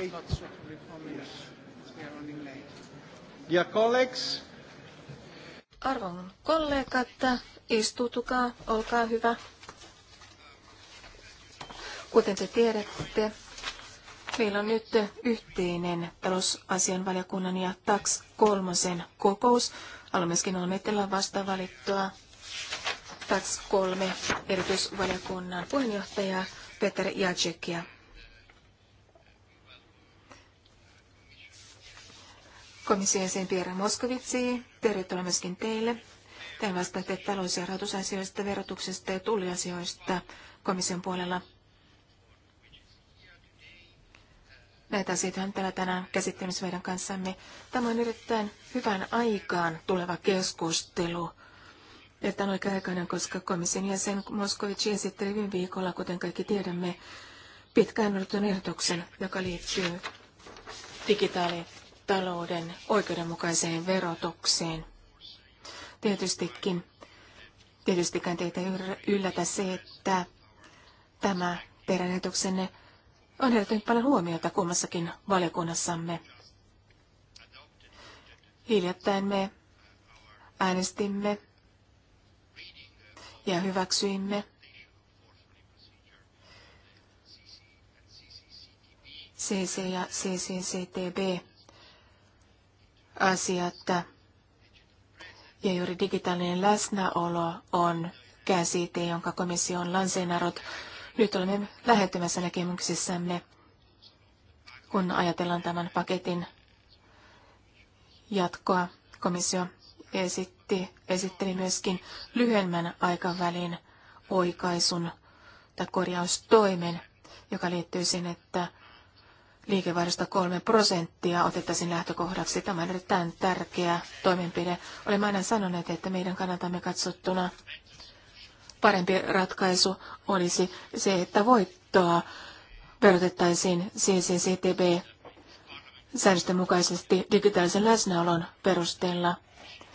Eight. Lots Arvon kollegat, istutukaa, olkaa hyvä. Kuten te tiedätte, meillä on nyt yhteinen talousasianvaliokunnan ja TAX kolmosen kokous. Haluan myöskin vasta valittua TAX kolme erityisvaliokunnan puheenjohtajaa Peter Jacekia. Komission Piera Moskovitsi, tervetuloa myöskin teille. Te vastaatte talous- ja rahoitusasioista, verotuksesta ja tulliasioista komission puolella. Näitä asioita on täällä tänään käsittelyssä meidän kanssamme. Tämä on erittäin hyvän aikaan tuleva keskustelu. tämä on oikein aikainen koska komission jäsen Moskovic esitteli viime viikolla, kuten kaikki tiedämme, pitkään odotun ehdotuksen, joka liittyy digitaali- talouden oikeudenmukaiseen verotukseen. Tietystikin, tietystikään teitä yllätä se, että tämä teidän ajatuksenne on herättänyt paljon huomiota kummassakin valiokunnassamme. Hiljattain me äänestimme ja hyväksyimme CC ja CCCTB että Ja juuri digitaalinen läsnäolo on käsite, jonka komissio on lanseenarot. Nyt olemme lähettämässä näkemyksissämme, kun ajatellaan tämän paketin jatkoa. Komissio esitti, esitteli myöskin lyhyemmän aikavälin oikaisun tai korjaustoimen, joka liittyy siihen, että liikevaihdosta 3 prosenttia otettaisiin lähtökohdaksi. Tämä on erittäin tärkeä toimenpide. Olemme aina sanoneet, että meidän kannaltamme katsottuna parempi ratkaisu olisi se, että voittoa verotettaisiin CCCTB säännösten mukaisesti digitaalisen läsnäolon perusteella –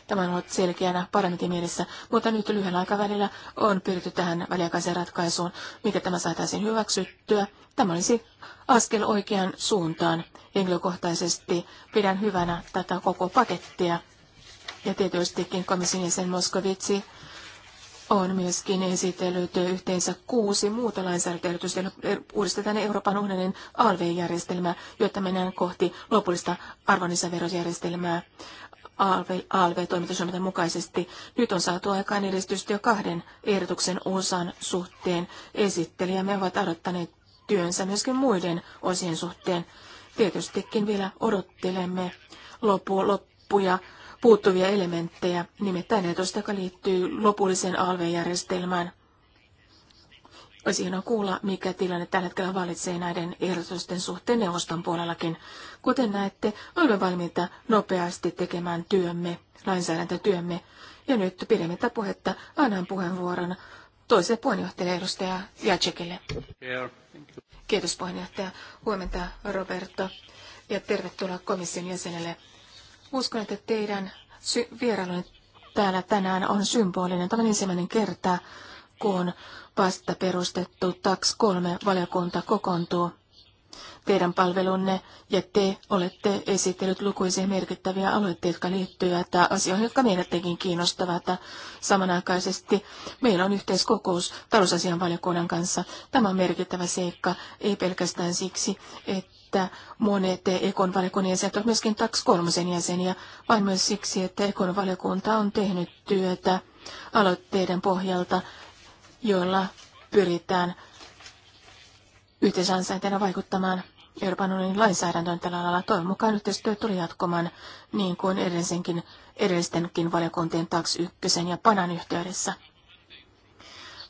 Tämä on ollut selkeänä parlamentin mielessä, mutta nyt lyhyellä aikavälillä on pyritty tähän väliaikaiseen ratkaisuun, mikä tämä saataisiin hyväksyttyä. Tämä olisi askel oikeaan suuntaan. Henkilökohtaisesti pidän hyvänä tätä koko pakettia. Ja tietystikin komission jäsen Moskovitsi on myöskin esitellyt yhteensä kuusi muuta lainsäädäntöehdotusta, uudistetaan Euroopan unionin alv-järjestelmää, jotta mennään kohti lopullista arvonlisäverojärjestelmää. ALV-toimitussuunnitelman mukaisesti. Nyt on saatu aikaan edistystä jo kahden ehdotuksen osan suhteen. Esittelijämme ovat odottaneet työnsä myöskin muiden osien suhteen. Tietystikin vielä odottelemme lopu, loppuja puuttuvia elementtejä, nimittäin ehdotusta, joka liittyy lopulliseen ALV-järjestelmään – olisi hienoa kuulla, mikä tilanne tällä hetkellä valitsee näiden ehdotusten suhteen neuvoston puolellakin. Kuten näette, olemme valmiita nopeasti tekemään työmme, lainsäädäntötyömme. Ja nyt pidemmittä puhetta annan puheenvuoron toiselle puheenjohtajalle edustaja Jacekille. Kiitos puheenjohtaja. Huomenta Roberto ja tervetuloa komission jäsenelle. Uskon, että teidän sy- vierailunne täällä tänään on symbolinen. Tämä on ensimmäinen kerta, kun vasta perustettu TAX 3 valiokunta kokoontuu. Teidän palvelunne ja te olette esitellyt lukuisia merkittäviä aloitteita, jotka liittyvät asioihin, jotka meidät tekin kiinnostavat. Samanaikaisesti meillä on yhteiskokous talousasian valiokunnan kanssa. Tämä on merkittävä seikka, ei pelkästään siksi, että monet Ekon valiokunnan jäsenet ovat myöskin TAX 3 jäseniä, vaan myös siksi, että Ekon valiokunta on tehnyt työtä aloitteiden pohjalta, joilla pyritään yhteisansainteena vaikuttamaan Euroopan unionin lainsäädäntöön tällä alalla. Toivon mukaan yhteistyö tuli jatkumaan niin kuin edellisenkin, edellistenkin valiokuntien TAX 1 ja PANAN yhteydessä.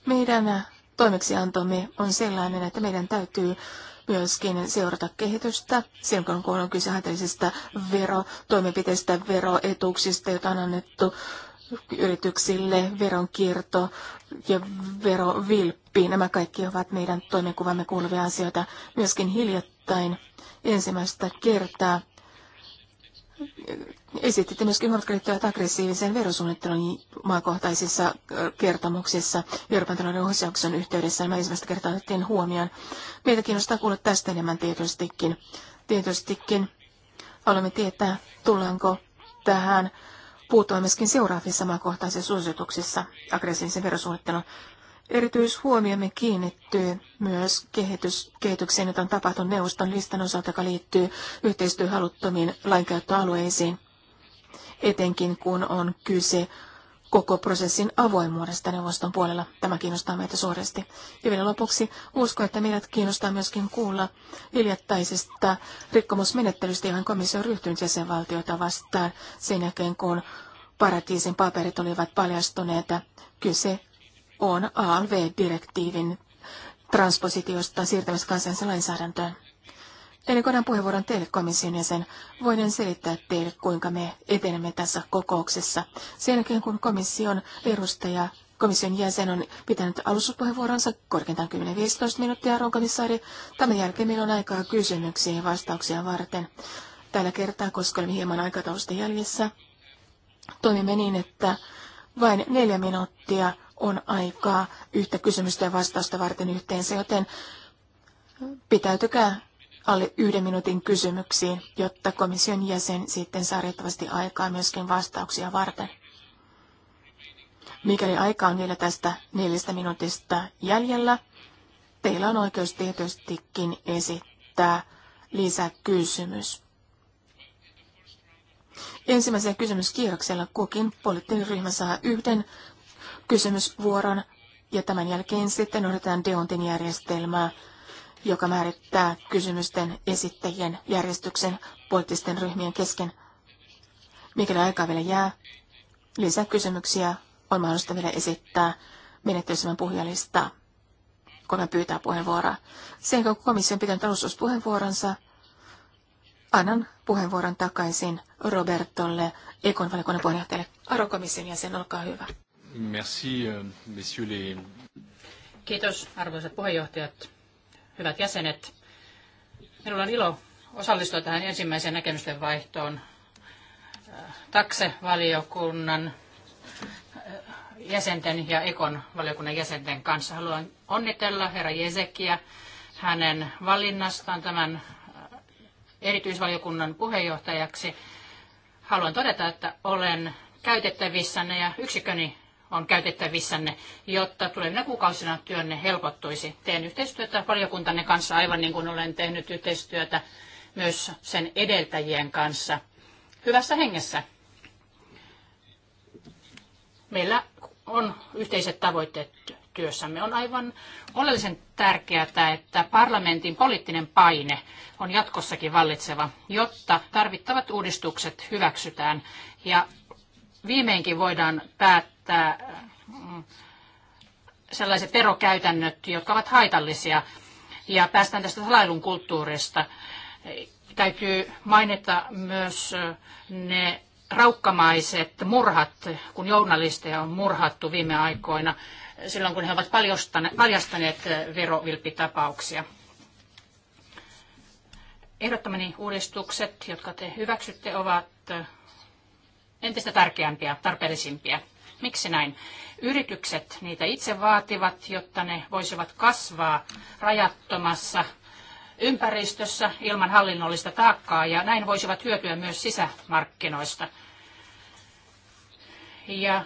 Meidän toimeksiantomme on sellainen, että meidän täytyy myöskin seurata kehitystä silloin, kun on kyse haitallisista verotoimenpiteistä, veroetuuksista, joita on annettu yrityksille, veronkierto ja verovilppi. Nämä kaikki ovat meidän toimenkuvamme kuuluvia asioita. Myöskin hiljattain ensimmäistä kertaa esititte myöskin huomattavasti liittyvät aggressiivisen verosuunnittelun maakohtaisissa äh, kertomuksissa Euroopan talouden ohjauksen yhteydessä. Nämä ensimmäistä kertaa otettiin huomioon. Meitä kiinnostaa kuulla tästä enemmän tietystikin. Tietystikin haluamme tietää, tullaanko tähän puuttua myöskin seuraavissa samankohtaisissa suosituksissa aggressiivisen verosuunnittelun. Erityishuomiomme kiinnittyy myös kehitys, kehitykseen, jota on tapahtunut neuvoston listan osalta, joka liittyy yhteistyöhaluttomiin lainkäyttöalueisiin, etenkin kun on kyse koko prosessin avoimuudesta neuvoston puolella. Tämä kiinnostaa meitä suuresti. Ja vielä lopuksi uskon, että meidät kiinnostaa myöskin kuulla hiljattaisesta rikkomusmenettelystä, johon komissio on ryhtynyt jäsenvaltioita vastaan sen jälkeen, kun paratiisin paperit olivat paljastuneet. Kyse on ALV-direktiivin transpositiosta siirtämässä kansainvälisen lainsäädäntöön. Ennen kodan puheenvuoron teille komission jäsen, voin selittää teille, kuinka me etenemme tässä kokouksessa. Sen jälkeen, kun komission edustaja Komission jäsen on pitänyt alustuspuheenvuoronsa korkeintaan 10-15 minuuttia, ronkomissaari. Tämän jälkeen meillä on aikaa kysymyksiä ja vastauksia varten. Tällä kertaa, koska olemme hieman aikataulusta jäljessä, toimimme niin, että vain neljä minuuttia on aikaa yhtä kysymystä ja vastausta varten yhteensä, joten pitäytykää alle yhden minuutin kysymyksiin, jotta komission jäsen sitten saa riittävästi aikaa myöskin vastauksia varten. Mikäli aika on vielä tästä neljästä minuutista jäljellä, teillä on oikeus tietystikin esittää lisäkysymys. Ensimmäisen kysymyskierroksella kukin poliittinen ryhmä saa yhden kysymysvuoron ja tämän jälkeen sitten odotetaan deontin järjestelmää joka määrittää kysymysten esittäjien järjestyksen poliittisten ryhmien kesken. Mikäli aikaa vielä jää, lisää kysymyksiä on mahdollista vielä esittää menettelysemän puhujalistaa, kun hän pyytää puheenvuoroa. Sen kun komission pitää alustuspuheenvuoronsa, annan puheenvuoron takaisin Robertolle, Ekon valikunnan puheenjohtajalle. komission jäsen, olkaa hyvä. Merci, euh, messieurs les... Kiitos, arvoisat puheenjohtajat, hyvät jäsenet. Minulla on ilo osallistua tähän ensimmäiseen näkemysten vaihtoon äh, taksevaliokunnan äh, jäsenten ja Ekon valiokunnan jäsenten kanssa. Haluan onnitella herra Jesekia hänen valinnastaan tämän äh, erityisvaliokunnan puheenjohtajaksi. Haluan todeta, että olen käytettävissänne ja yksikköni on käytettävissänne, jotta tulevina kuukausina työnne helpottuisi. Teen yhteistyötä valiokuntanne kanssa aivan niin kuin olen tehnyt yhteistyötä myös sen edeltäjien kanssa hyvässä hengessä. Meillä on yhteiset tavoitteet työssämme. On aivan oleellisen tärkeää, että parlamentin poliittinen paine on jatkossakin vallitseva, jotta tarvittavat uudistukset hyväksytään ja viimeinkin voidaan päättää että mm, sellaiset verokäytännöt, jotka ovat haitallisia. Ja päästään tästä salailun kulttuurista. Täytyy mainita myös ne raukkamaiset murhat, kun journalisteja on murhattu viime aikoina, silloin kun he ovat paljastaneet verovilpitapauksia. Ehdottamani uudistukset, jotka te hyväksytte, ovat entistä tärkeämpiä, tarpeellisimpia. Miksi näin? Yritykset niitä itse vaativat, jotta ne voisivat kasvaa rajattomassa ympäristössä ilman hallinnollista taakkaa ja näin voisivat hyötyä myös sisämarkkinoista. Ja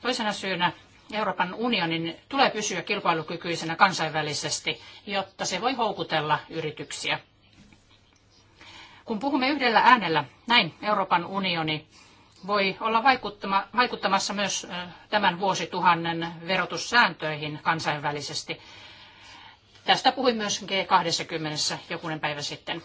toisena syynä Euroopan unionin tulee pysyä kilpailukykyisenä kansainvälisesti, jotta se voi houkutella yrityksiä. Kun puhumme yhdellä äänellä, näin Euroopan unioni voi olla vaikuttamassa myös tämän vuosituhannen verotussääntöihin kansainvälisesti. Tästä puhuin myös G20 jokunen päivä sitten.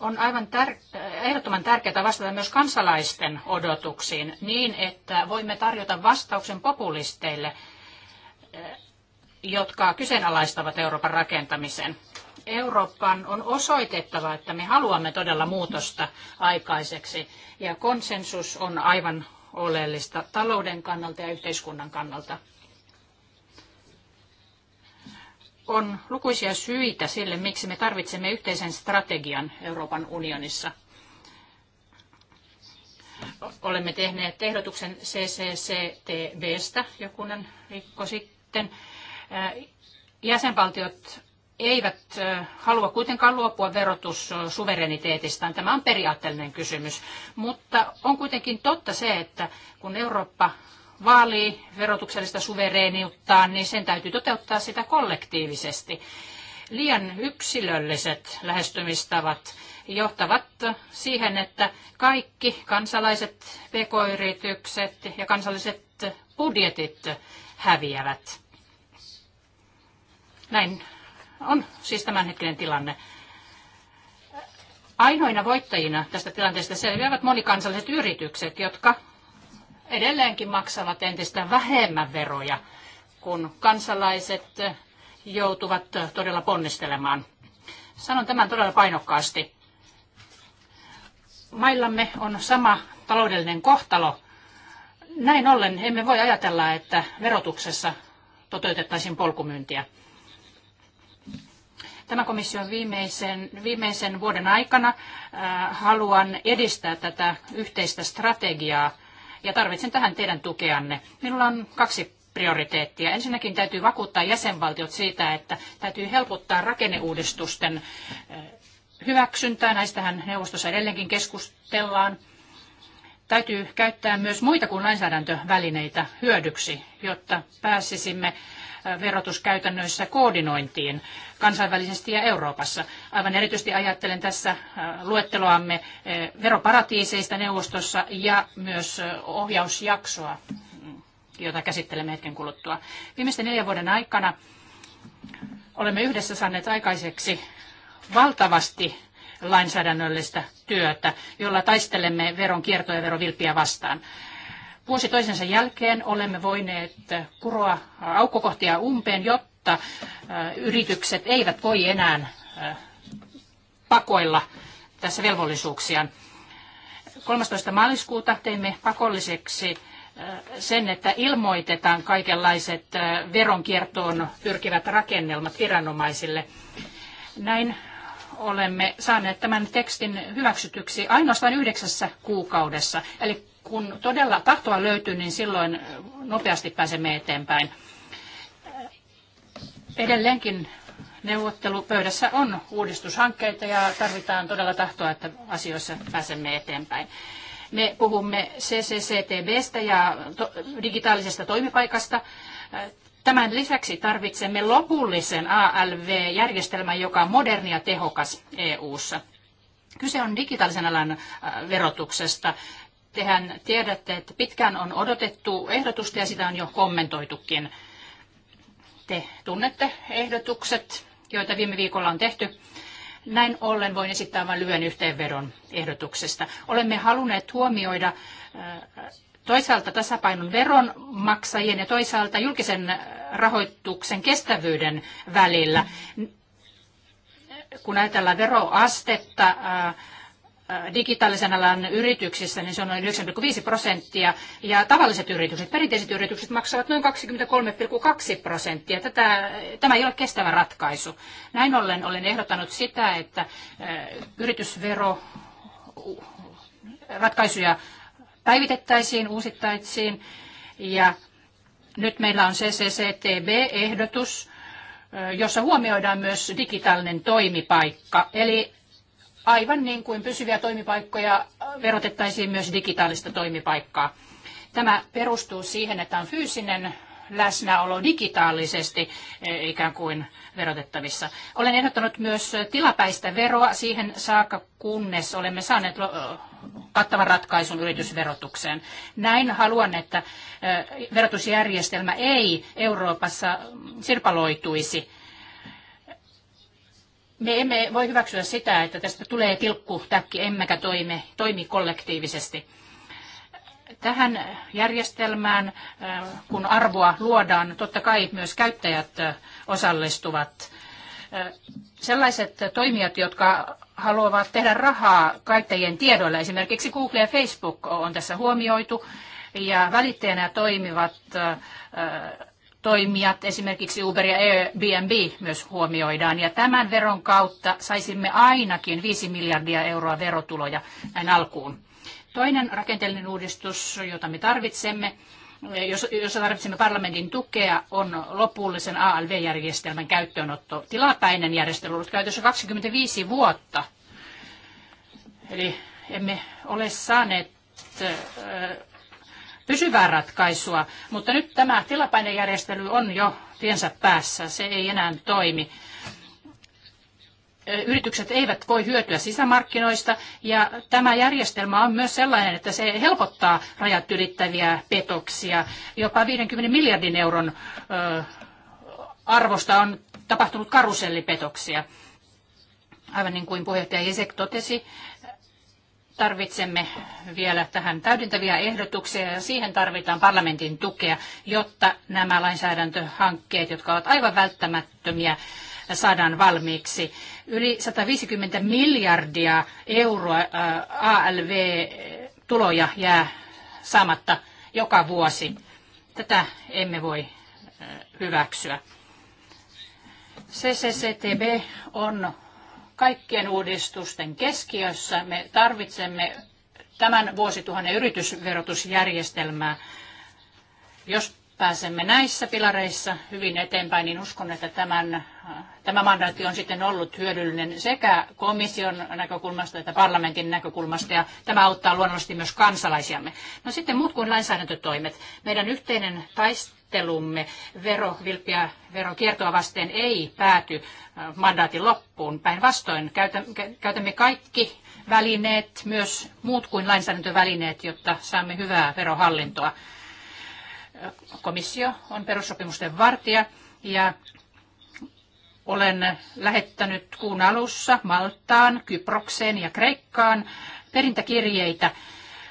On aivan tär- ehdottoman tärkeää vastata myös kansalaisten odotuksiin niin, että voimme tarjota vastauksen populisteille, jotka kyseenalaistavat Euroopan rakentamisen. Euroopan on osoitettava, että me haluamme todella muutosta aikaiseksi. Ja konsensus on aivan oleellista talouden kannalta ja yhteiskunnan kannalta. On lukuisia syitä sille, miksi me tarvitsemme yhteisen strategian Euroopan unionissa. Olemme tehneet ehdotuksen CCCTBstä jokunen viikko sitten. Jäsenvaltiot eivät halua kuitenkaan luopua verotussuvereniteetistaan. Tämä on periaatteellinen kysymys, mutta on kuitenkin totta se, että kun Eurooppa vaalii verotuksellista suvereeniuttaan, niin sen täytyy toteuttaa sitä kollektiivisesti. Liian yksilölliset lähestymistavat johtavat siihen, että kaikki kansalaiset, pk-yritykset ja kansalliset budjetit häviävät. Näin on siis tämänhetkinen tilanne. Ainoina voittajina tästä tilanteesta selviävät monikansalliset yritykset, jotka edelleenkin maksavat entistä vähemmän veroja, kun kansalaiset joutuvat todella ponnistelemaan. Sanon tämän todella painokkaasti. Maillamme on sama taloudellinen kohtalo. Näin ollen emme voi ajatella, että verotuksessa toteutettaisiin polkumyyntiä. Tämä komission viimeisen, viimeisen vuoden aikana äh, haluan edistää tätä yhteistä strategiaa ja tarvitsen tähän teidän tukeanne. Minulla on kaksi prioriteettia. Ensinnäkin täytyy vakuuttaa jäsenvaltiot siitä, että täytyy helpottaa rakenneuudistusten äh, hyväksyntää. Näistähän neuvostossa edelleenkin keskustellaan. Täytyy käyttää myös muita kuin lainsäädäntövälineitä hyödyksi, jotta pääsisimme verotuskäytännöissä koordinointiin kansainvälisesti ja Euroopassa. Aivan erityisesti ajattelen tässä äh, luetteloamme äh, veroparatiiseista neuvostossa ja myös äh, ohjausjaksoa, mm, jota käsittelemme hetken kuluttua. Viimeisten neljän vuoden aikana olemme yhdessä saaneet aikaiseksi valtavasti lainsäädännöllistä työtä, jolla taistelemme veron kierto ja verovilppiä vastaan. Vuosi toisensa jälkeen olemme voineet kuroa aukkokohtia umpeen, jotta äh, yritykset eivät voi enää äh, pakoilla tässä velvollisuuksiaan. 13. maaliskuuta teimme pakolliseksi äh, sen, että ilmoitetaan kaikenlaiset veronkiertoon pyrkivät rakennelmat viranomaisille. Näin olemme saaneet tämän tekstin hyväksytyksi ainoastaan yhdeksässä kuukaudessa. Eli kun todella tahtoa löytyy, niin silloin nopeasti pääsemme eteenpäin. Edelleenkin neuvottelupöydässä on uudistushankkeita ja tarvitaan todella tahtoa, että asioissa pääsemme eteenpäin. Me puhumme CCCTVstä ja digitaalisesta toimipaikasta. Tämän lisäksi tarvitsemme lopullisen ALV-järjestelmän, joka on moderni ja tehokas EU:ssa. Kyse on digitaalisen alan äh, verotuksesta. Tehän tiedätte, että pitkään on odotettu ehdotusta ja sitä on jo kommentoitukin. Te tunnette ehdotukset, joita viime viikolla on tehty. Näin ollen voin esittää vain lyhyen yhteenvedon ehdotuksesta. Olemme halunneet huomioida äh, toisaalta tasapainon veronmaksajien ja toisaalta julkisen rahoituksen kestävyyden välillä. Kun ajatellaan veroastetta digitaalisen alan yrityksissä, niin se on noin 9,5 prosenttia, ja tavalliset yritykset, perinteiset yritykset maksavat noin 23,2 prosenttia. Tätä, tämä ei ole kestävä ratkaisu. Näin ollen olen ehdottanut sitä, että yritysvero ratkaisuja päivitettäisiin, uusittaisiin. Ja nyt meillä on CCCTB-ehdotus, jossa huomioidaan myös digitaalinen toimipaikka. Eli aivan niin kuin pysyviä toimipaikkoja verotettaisiin myös digitaalista toimipaikkaa. Tämä perustuu siihen, että on fyysinen läsnäolo digitaalisesti e, ikään kuin verotettavissa. Olen ehdottanut myös tilapäistä veroa siihen saakka, kunnes olemme saaneet kattavan ratkaisun yritysverotukseen. Näin haluan, että e, verotusjärjestelmä ei Euroopassa sirpaloituisi. Me emme voi hyväksyä sitä, että tästä tulee tilkkutäkki, emmekä toimi, toimi kollektiivisesti Tähän järjestelmään, äh, kun arvoa luodaan, totta kai myös käyttäjät äh, osallistuvat. Äh, sellaiset toimijat, jotka haluavat tehdä rahaa käyttäjien tiedoilla, esimerkiksi Google ja Facebook on tässä huomioitu, ja välittäjänä toimivat toimijat, esimerkiksi Uber ja Airbnb myös huomioidaan. Ja tämän veron kautta saisimme ainakin 5 miljardia euroa verotuloja näin alkuun. Toinen rakenteellinen uudistus, jota me tarvitsemme, jossa tarvitsemme parlamentin tukea, on lopullisen ALV-järjestelmän käyttöönotto. Tilapäinen järjestely on ollut käytössä 25 vuotta. Eli emme ole saaneet äh, pysyvää ratkaisua, mutta nyt tämä tilapäinen järjestely on jo tiensä päässä. Se ei enää toimi yritykset eivät voi hyötyä sisämarkkinoista ja tämä järjestelmä on myös sellainen, että se helpottaa rajat ylittäviä petoksia. Jopa 50 miljardin euron arvosta on tapahtunut karusellipetoksia. Aivan niin kuin puheenjohtaja Jesek totesi, tarvitsemme vielä tähän täydentäviä ehdotuksia ja siihen tarvitaan parlamentin tukea, jotta nämä lainsäädäntöhankkeet, jotka ovat aivan välttämättömiä, saadaan valmiiksi. Yli 150 miljardia euroa ALV-tuloja jää saamatta joka vuosi. Tätä emme voi hyväksyä. CCCTB on kaikkien uudistusten keskiössä. Me tarvitsemme tämän vuosituhannen yritysverotusjärjestelmää. Jos pääsemme näissä pilareissa hyvin eteenpäin, niin uskon, että tämän, tämä mandaatti on sitten ollut hyödyllinen sekä komission näkökulmasta että parlamentin näkökulmasta, ja tämä auttaa luonnollisesti myös kansalaisiamme. No sitten muut kuin lainsäädäntötoimet. Meidän yhteinen taistelumme verovilppiä verokiertoa vasten ei pääty äh, mandaatin loppuun. Päinvastoin käytämme kaikki välineet, myös muut kuin lainsäädäntövälineet, jotta saamme hyvää verohallintoa. Komissio on perussopimusten vartija ja olen lähettänyt kuun alussa Maltaan, Kyprokseen ja Kreikkaan perintäkirjeitä.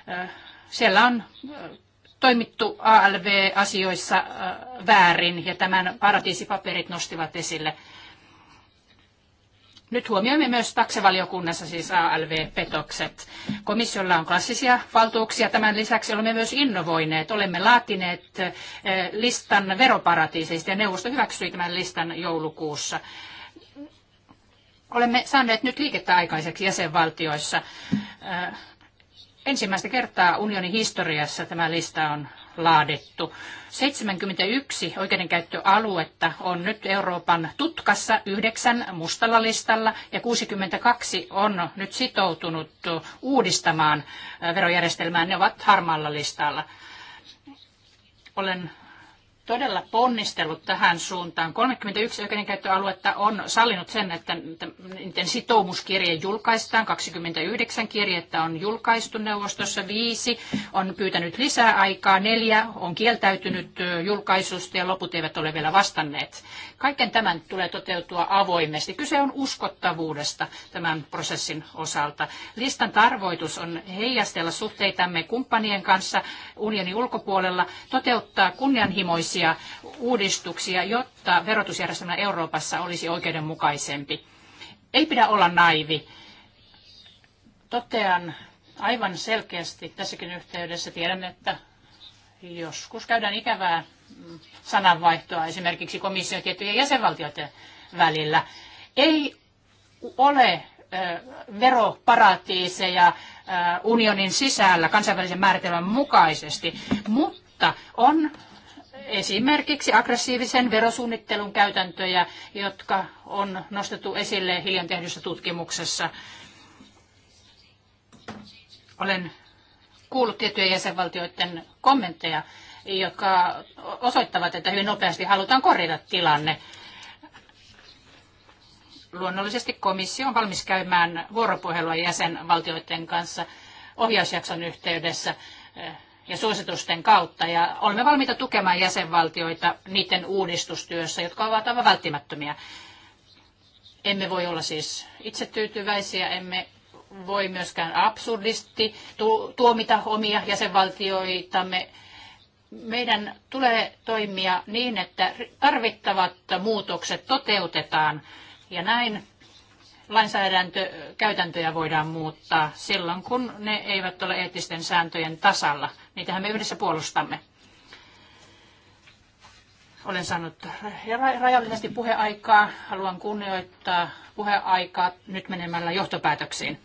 Äh, siellä on äh, toimittu ALV-asioissa äh, väärin ja tämän paratiisipaperit nostivat esille. Nyt huomioimme myös taksevaliokunnassa siis ALV-petokset. Komissiolla on klassisia valtuuksia. Tämän lisäksi olemme myös innovoineet. Olemme laatineet eh, listan veroparatiiseista ja neuvosto hyväksyi tämän listan joulukuussa. Olemme saaneet nyt liikettä aikaiseksi jäsenvaltioissa. Eh, ensimmäistä kertaa unionin historiassa tämä lista on laadittu. 71 oikeudenkäyttöaluetta on nyt Euroopan tutkassa, yhdeksän mustalla listalla ja 62 on nyt sitoutunut uudistamaan äh, verojärjestelmää. Ne ovat harmaalla listalla. Olen todella ponnistellut tähän suuntaan. 31 oikeudenkäyttöaluetta on sallinut sen, että niiden sitoumuskirje julkaistaan. 29 kirjettä on julkaistu neuvostossa, viisi on pyytänyt lisää aikaa, neljä on kieltäytynyt julkaisusta ja loput eivät ole vielä vastanneet. Kaiken tämän tulee toteutua avoimesti. Kyse on uskottavuudesta tämän prosessin osalta. Listan tarkoitus on heijastella suhteitamme kumppanien kanssa unionin ulkopuolella, toteuttaa kunnianhimoisia uusia uudistuksia, jotta verotusjärjestelmä Euroopassa olisi oikeudenmukaisempi. Ei pidä olla naivi. Totean aivan selkeästi tässäkin yhteydessä, tiedän, että joskus käydään ikävää sananvaihtoa esimerkiksi komission tiettyjen jäsenvaltioiden välillä. Ei ole veroparatiiseja unionin sisällä kansainvälisen määritelmän mukaisesti, mutta on esimerkiksi aggressiivisen verosuunnittelun käytäntöjä, jotka on nostettu esille hiljan tehdyssä tutkimuksessa. Olen kuullut tiettyjen jäsenvaltioiden kommentteja, jotka osoittavat, että hyvin nopeasti halutaan korjata tilanne. Luonnollisesti komissio on valmis käymään vuoropuhelua jäsenvaltioiden kanssa ohjausjakson yhteydessä ja suositusten kautta. Ja olemme valmiita tukemaan jäsenvaltioita niiden uudistustyössä, jotka ovat aivan välttämättömiä. Emme voi olla siis itsetyytyväisiä, emme voi myöskään absurdisti tuomita omia jäsenvaltioitamme. Meidän tulee toimia niin, että tarvittavat muutokset toteutetaan ja näin lainsäädäntökäytäntöjä voidaan muuttaa silloin, kun ne eivät ole eettisten sääntöjen tasalla – Niitähän me yhdessä puolustamme. Olen saanut rajallisesti puheaikaa. Haluan kunnioittaa puheaikaa nyt menemällä johtopäätöksiin.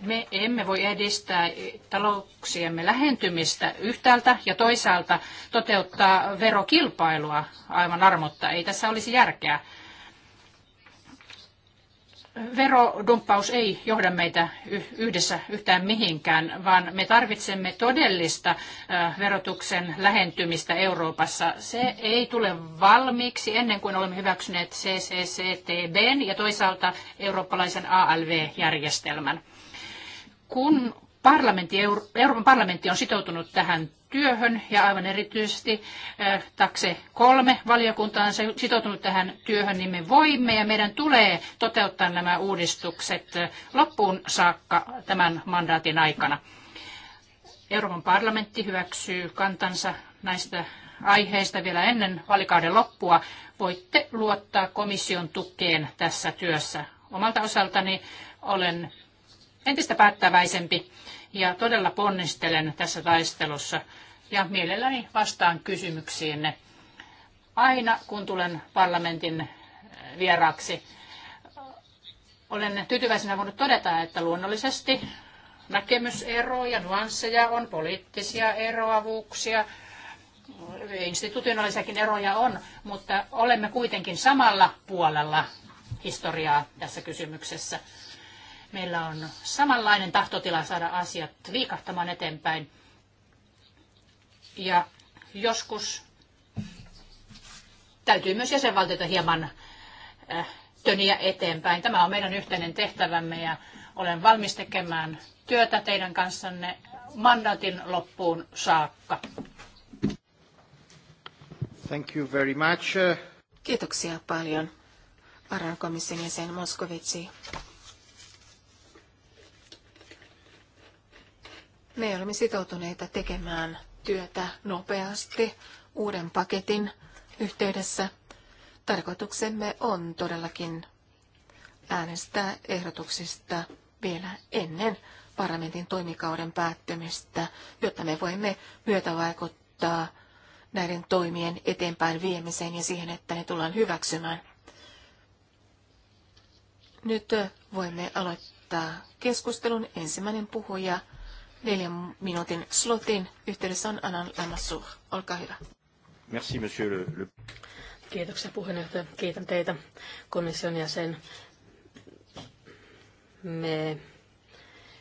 Me emme voi edistää talouksiemme lähentymistä yhtäältä ja toisaalta toteuttaa verokilpailua aivan armotta. Ei tässä olisi järkeä. Verodumppaus ei johda meitä yhdessä yhtään mihinkään, vaan me tarvitsemme todellista verotuksen lähentymistä Euroopassa. Se ei tule valmiiksi ennen kuin olemme hyväksyneet CCCTBn ja toisaalta eurooppalaisen ALV-järjestelmän. Kun Parlamentti, Euroopan parlamentti on sitoutunut tähän työhön ja aivan erityisesti eh, takse kolme valiokunta on sitoutunut tähän työhön, niin me voimme ja meidän tulee toteuttaa nämä uudistukset eh, loppuun saakka tämän mandaatin aikana. Euroopan parlamentti hyväksyy kantansa näistä aiheista vielä ennen valikauden loppua. Voitte luottaa komission tukeen tässä työssä. Omalta osaltani olen entistä päättäväisempi ja todella ponnistelen tässä taistelussa ja mielelläni vastaan kysymyksiinne. Aina kun tulen parlamentin eh, vieraaksi, olen tyytyväisenä voinut todeta, että luonnollisesti näkemyseroja, nuansseja on, poliittisia eroavuuksia, institutionaalisiakin eroja on, mutta olemme kuitenkin samalla puolella historiaa tässä kysymyksessä. Meillä on samanlainen tahtotila saada asiat liikahtamaan eteenpäin. Ja joskus täytyy myös jäsenvaltioita hieman äh, töniä eteenpäin. Tämä on meidän yhteinen tehtävämme ja olen valmis tekemään työtä teidän kanssanne mandaatin loppuun saakka. Thank you very much. Kiitoksia paljon. Varankomission jäsen Moskovitsi. Me olemme sitoutuneita tekemään työtä nopeasti uuden paketin yhteydessä. Tarkoituksemme on todellakin äänestää ehdotuksista vielä ennen parlamentin toimikauden päättymistä, jotta me voimme myötävaikuttaa näiden toimien eteenpäin viemiseen ja siihen, että ne tullaan hyväksymään. Nyt voimme aloittaa keskustelun. Ensimmäinen puhuja neljän minuutin slotin. Yhteydessä on Anan Lamassur. Olkaa hyvä. Merci, monsieur le... Kiitoksia puheenjohtaja. Kiitän teitä komission jäsen. Me,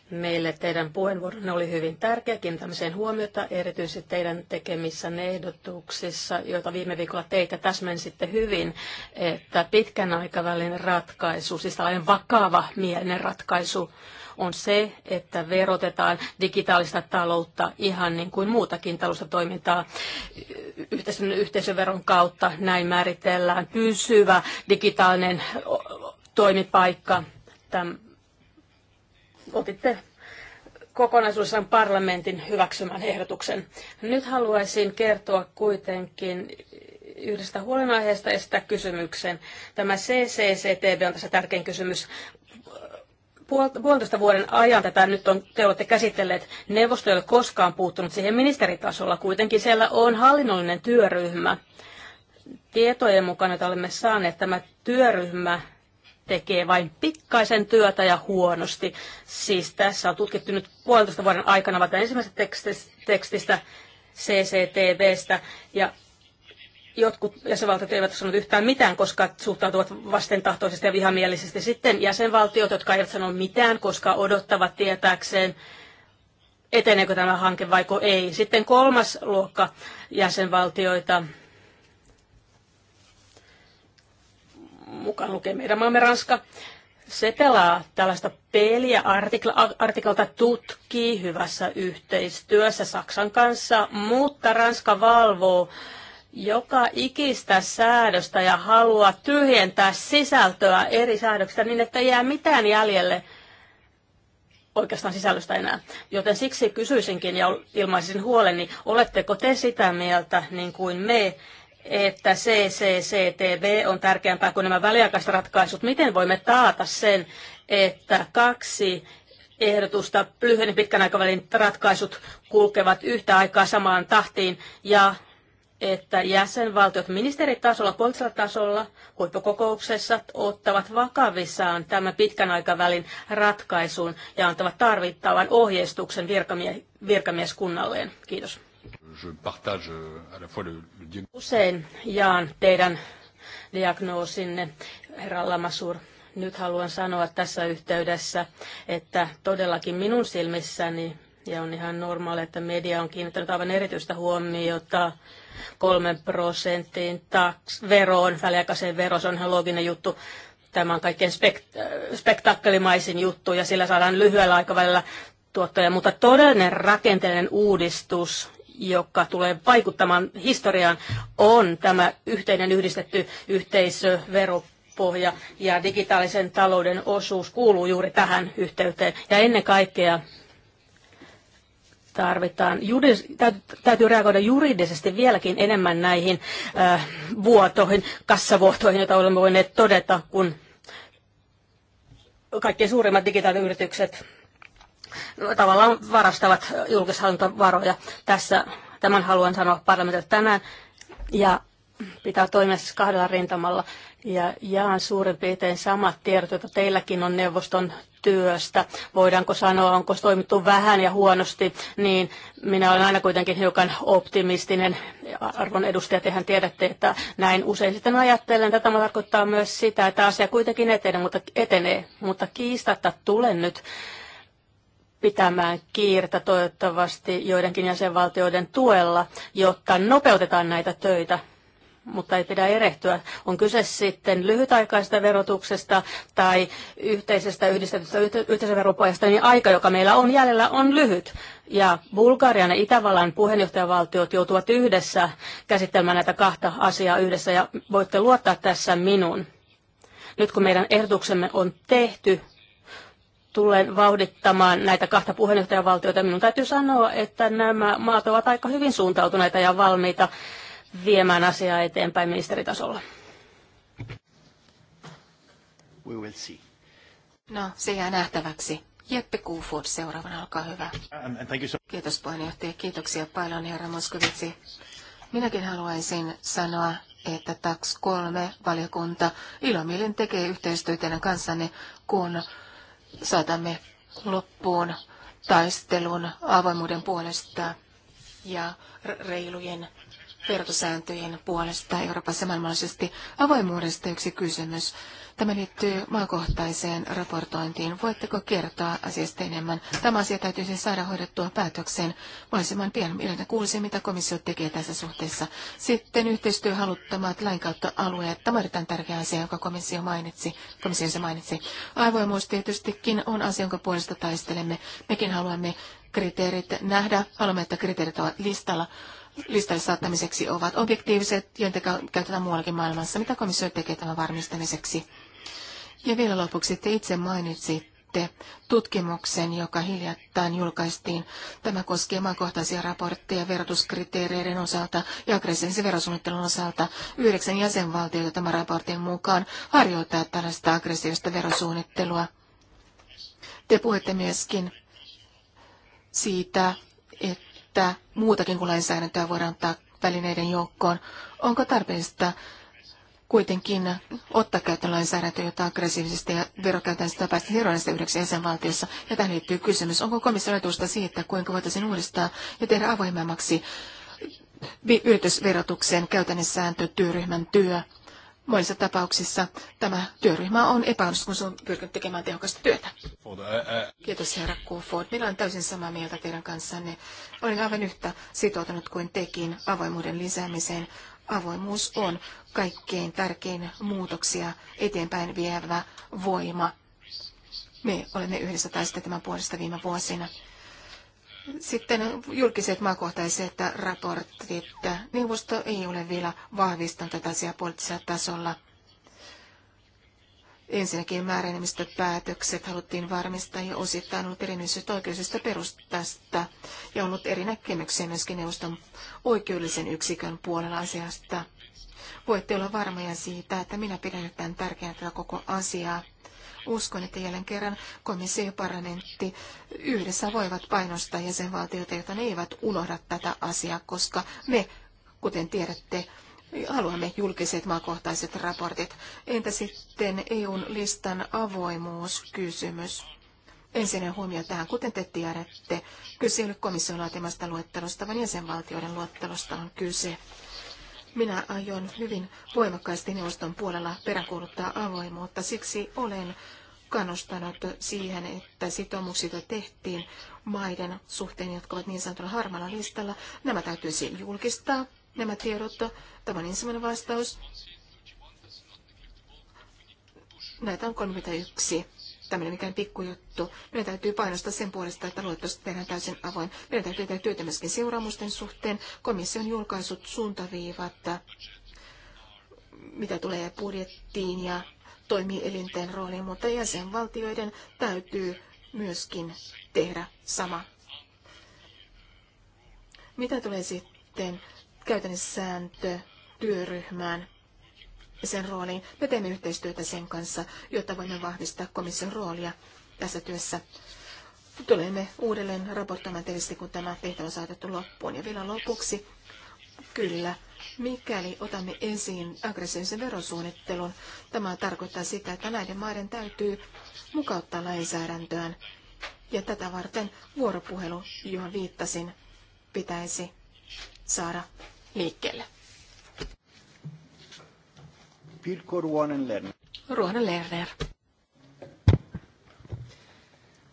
meille teidän puheenvuoronne oli hyvin tärkeä. Kiinnittämiseen huomiota erityisesti teidän tekemissä ehdotuksissa, joita viime viikolla teitä täsmensitte hyvin, että pitkän aikavälin ratkaisu, siis tällainen vakava mielinen ratkaisu, on se, että verotetaan digitaalista taloutta ihan niin kuin muutakin taloudellista toimintaa yhteisön, yhteisöveron kautta. Näin määritellään pysyvä digitaalinen toimipaikka. Tämän otitte kokonaisuudessaan parlamentin hyväksymän ehdotuksen. Nyt haluaisin kertoa kuitenkin yhdestä huolenaiheesta ja sitä kysymyksen. Tämä CCCTV on tässä tärkein kysymys puolitoista vuoden ajan tätä nyt on, te olette käsitelleet. Neuvosto ei ole koskaan puuttunut siihen ministeritasolla. Kuitenkin siellä on hallinnollinen työryhmä. Tietojen mukaan, joita olemme saaneet, tämä työryhmä tekee vain pikkaisen työtä ja huonosti. Siis tässä on tutkittu nyt puolitoista vuoden aikana vaikka ensimmäisestä tekstistä, CCTVstä ja jotkut jäsenvaltiot eivät sanoneet yhtään mitään, koska suhtautuvat vastentahtoisesti ja vihamielisesti. Sitten jäsenvaltiot, jotka eivät sano mitään, koska odottavat tietääkseen, eteneekö tämä hanke vai ei. Sitten kolmas luokka jäsenvaltioita, mukaan lukee meidän maamme Ranska, se pelaa tällaista peliä, artikla, artikalta tutkii hyvässä yhteistyössä Saksan kanssa, mutta Ranska valvoo joka ikistä säädöstä ja haluaa tyhjentää sisältöä eri säädöksistä niin, että ei jää mitään jäljelle oikeastaan sisällöstä enää. Joten siksi kysyisinkin ja ilmaisin huoleni, oletteko te sitä mieltä, niin kuin me, että CCCTV on tärkeämpää kuin nämä väliaikaiset ratkaisut. Miten voimme taata sen, että kaksi ehdotusta, lyhyen ja pitkän aikavälin ratkaisut kulkevat yhtä aikaa samaan tahtiin ja että jäsenvaltiot ministeritasolla, poliittisella tasolla, huippukokouksessa ottavat vakavissaan tämän pitkän aikavälin ratkaisun ja antavat tarvittavan ohjeistuksen virkamie- virkamieskunnalleen. Kiitos. Usein jaan teidän diagnoosinne, herra Lamasur. Nyt haluan sanoa tässä yhteydessä, että todellakin minun silmissäni, ja on ihan normaali, että media on kiinnittänyt aivan erityistä huomiota kolmen prosentin taks, veroon, väliaikaiseen veroon, se on ihan looginen juttu. Tämä on kaikkein spekt- spektakkelimaisin juttu ja sillä saadaan lyhyellä aikavälillä tuottoja, mutta todellinen rakenteellinen uudistus, joka tulee vaikuttamaan historiaan, on tämä yhteinen yhdistetty yhteisövero pohja ja digitaalisen talouden osuus kuuluu juuri tähän yhteyteen. Ja ennen kaikkea tarvitaan, juridis, täytyy reagoida juridisesti vieläkin enemmän näihin äh, vuotoihin, kassavuotoihin, joita olemme voineet todeta, kun kaikkein suurimmat digitaaliyritykset no, tavallaan varastavat julkishallintovaroja. Tässä tämän haluan sanoa parlamentille tänään. Ja pitää toimia siis kahdella rintamalla. Ja jaan suurin piirtein samat tiedot, joita teilläkin on neuvoston työstä. Voidaanko sanoa, onko toimittu vähän ja huonosti, niin minä olen aina kuitenkin hiukan optimistinen. Arvon edustajat, tehän tiedätte, että näin usein sitten ajattelen. Tätä tarkoittaa myös sitä, että asia kuitenkin etenee, mutta, etenee, mutta kiistatta tulen nyt pitämään kiirtä toivottavasti joidenkin jäsenvaltioiden tuella, jotta nopeutetaan näitä töitä mutta ei pidä erehtyä. On kyse sitten lyhytaikaisesta verotuksesta tai yhteisestä yhdistetystä yhteisöveropohjasta, niin aika, joka meillä on jäljellä, on lyhyt. Ja Bulgarian ja Itävallan puheenjohtajavaltiot joutuvat yhdessä käsittelemään näitä kahta asiaa yhdessä, ja voitte luottaa tässä minun. Nyt kun meidän ehdotuksemme on tehty, tulen vauhdittamaan näitä kahta puheenjohtajavaltiota. Minun täytyy sanoa, että nämä maat ovat aika hyvin suuntautuneita ja valmiita viemään asiaa eteenpäin ministeritasolla? We will see. No, se jää nähtäväksi. Jeppe Kuufuud, seuraavana, olkaa hyvä. Um, Kiitos puheenjohtaja, kiitoksia paljon herra Moskovitsi. Minäkin haluaisin sanoa, että TAX 3 valiokunta ilomielin tekee yhteistyötä teidän kanssanne, kun saatamme loppuun taistelun avoimuuden puolesta ja reilujen Verotusääntöjen puolesta Euroopassa maailmallisesti avoimuudesta yksi kysymys. Tämä liittyy maakohtaiseen raportointiin. Voitteko kertoa asiasta enemmän? Tämä asia siis saada hoidettua päätökseen mahdollisimman pian. Mieleltä kuulisin, mitä komissio tekee tässä suhteessa. Sitten yhteistyö yhteistyöhaluttomat alueet. Tämä on erittäin tärkeä asia, joka komissio mainitsi. Komissio se mainitsi. Avoimuus tietystikin on asia, jonka puolesta taistelemme. Mekin haluamme kriteerit nähdä. Haluamme, että kriteerit ovat listalla listalle saattamiseksi ovat objektiiviset, joita käytetään muuallakin maailmassa. Mitä komissio tekee tämän varmistamiseksi? Ja vielä lopuksi te itse mainitsitte tutkimuksen, joka hiljattain julkaistiin. Tämä koskee maakohtaisia raportteja verotuskriteereiden osalta ja aggressiivisen verosuunnittelun osalta. Yhdeksän jäsenvaltiota tämän raportin mukaan harjoittaa tällaista aggressiivista verosuunnittelua. Te puhuitte myöskin siitä, että että muutakin kuin lainsäädäntöä voidaan ottaa välineiden joukkoon. Onko tarpeellista kuitenkin ottaa käyttöön lainsäädäntöä, jota aggressiivisesti ja verokäytännöstä päästä hirveästi yhdeksi jäsenvaltiossa. Ja tähän liittyy kysymys, onko komissio ajatusta siitä, kuinka voitaisiin uudistaa ja tehdä avoimemmaksi yritysverotuksen sääntötyöryhmän työ monissa tapauksissa tämä työryhmä on epäonnistunut, kun se on pyrkinyt tekemään tehokasta työtä. Kiitos herra Kuford. Minä olen täysin samaa mieltä teidän kanssanne. Olen aivan yhtä sitoutunut kuin tekin avoimuuden lisäämiseen. Avoimuus on kaikkein tärkein muutoksia eteenpäin vievä voima. Me olemme yhdessä taistelleet tämän puolesta viime vuosina. Sitten julkiset maakohtaiset raportit. Neuvosto ei ole vielä vahvistanut tätä asiaa poliittisella tasolla. Ensinnäkin määräenemmistöpäätökset haluttiin varmistaa ja osittain ollut erimielisyyttä oikeudellisesta perustasta ja ollut eri näkemyksiä myöskin neuvoston oikeudellisen yksikön puolella asiasta. Voitte olla varmoja siitä, että minä pidän tämän tärkeänä tätä koko asiaa. Uskon, että jälleen kerran komissio ja parlamentti yhdessä voivat painostaa jäsenvaltioita, jotta ne eivät unohda tätä asiaa, koska me, kuten tiedätte, haluamme julkiset maakohtaiset raportit. Entä sitten EUn listan avoimuuskysymys? Ensinnäkin huomio tähän, kuten te tiedätte, kyse ei ole komission laatimasta luettelosta, vaan jäsenvaltioiden luettelosta on kyse. Minä aion hyvin voimakkaasti neuvoston puolella peräkuuluttaa avoimuutta. Siksi olen kannustanut siihen, että sitoumukset tehtiin maiden suhteen, jotka ovat niin sanotulla harmalla listalla. Nämä täytyisi julkistaa, nämä tiedot. Tämä on ensimmäinen vastaus. Näitä on 31 tämmöinen mikään pikkujuttu. Meidän täytyy painostaa sen puolesta, että luotosta tehdään täysin avoin. Meidän täytyy tehdä työtä myöskin seuraamusten suhteen. Komission julkaisut suuntaviivat, mitä tulee budjettiin ja toimielinten rooliin, mutta jäsenvaltioiden täytyy myöskin tehdä sama. Mitä tulee sitten käytännössääntö työryhmään? sen rooliin. Me teemme yhteistyötä sen kanssa, jotta voimme vahvistaa komission roolia tässä työssä. Tulemme uudelleen raportoimaan tietysti, kun tämä tehtävä on saatettu loppuun. Ja vielä lopuksi, kyllä, mikäli otamme esiin aggressiivisen verosuunnittelun, tämä tarkoittaa sitä, että näiden maiden täytyy mukauttaa lainsäädäntöään. Ja tätä varten vuoropuhelu, johon viittasin, pitäisi saada liikkeelle. Pirko Ruonen Lerner. Ruonen Lerner.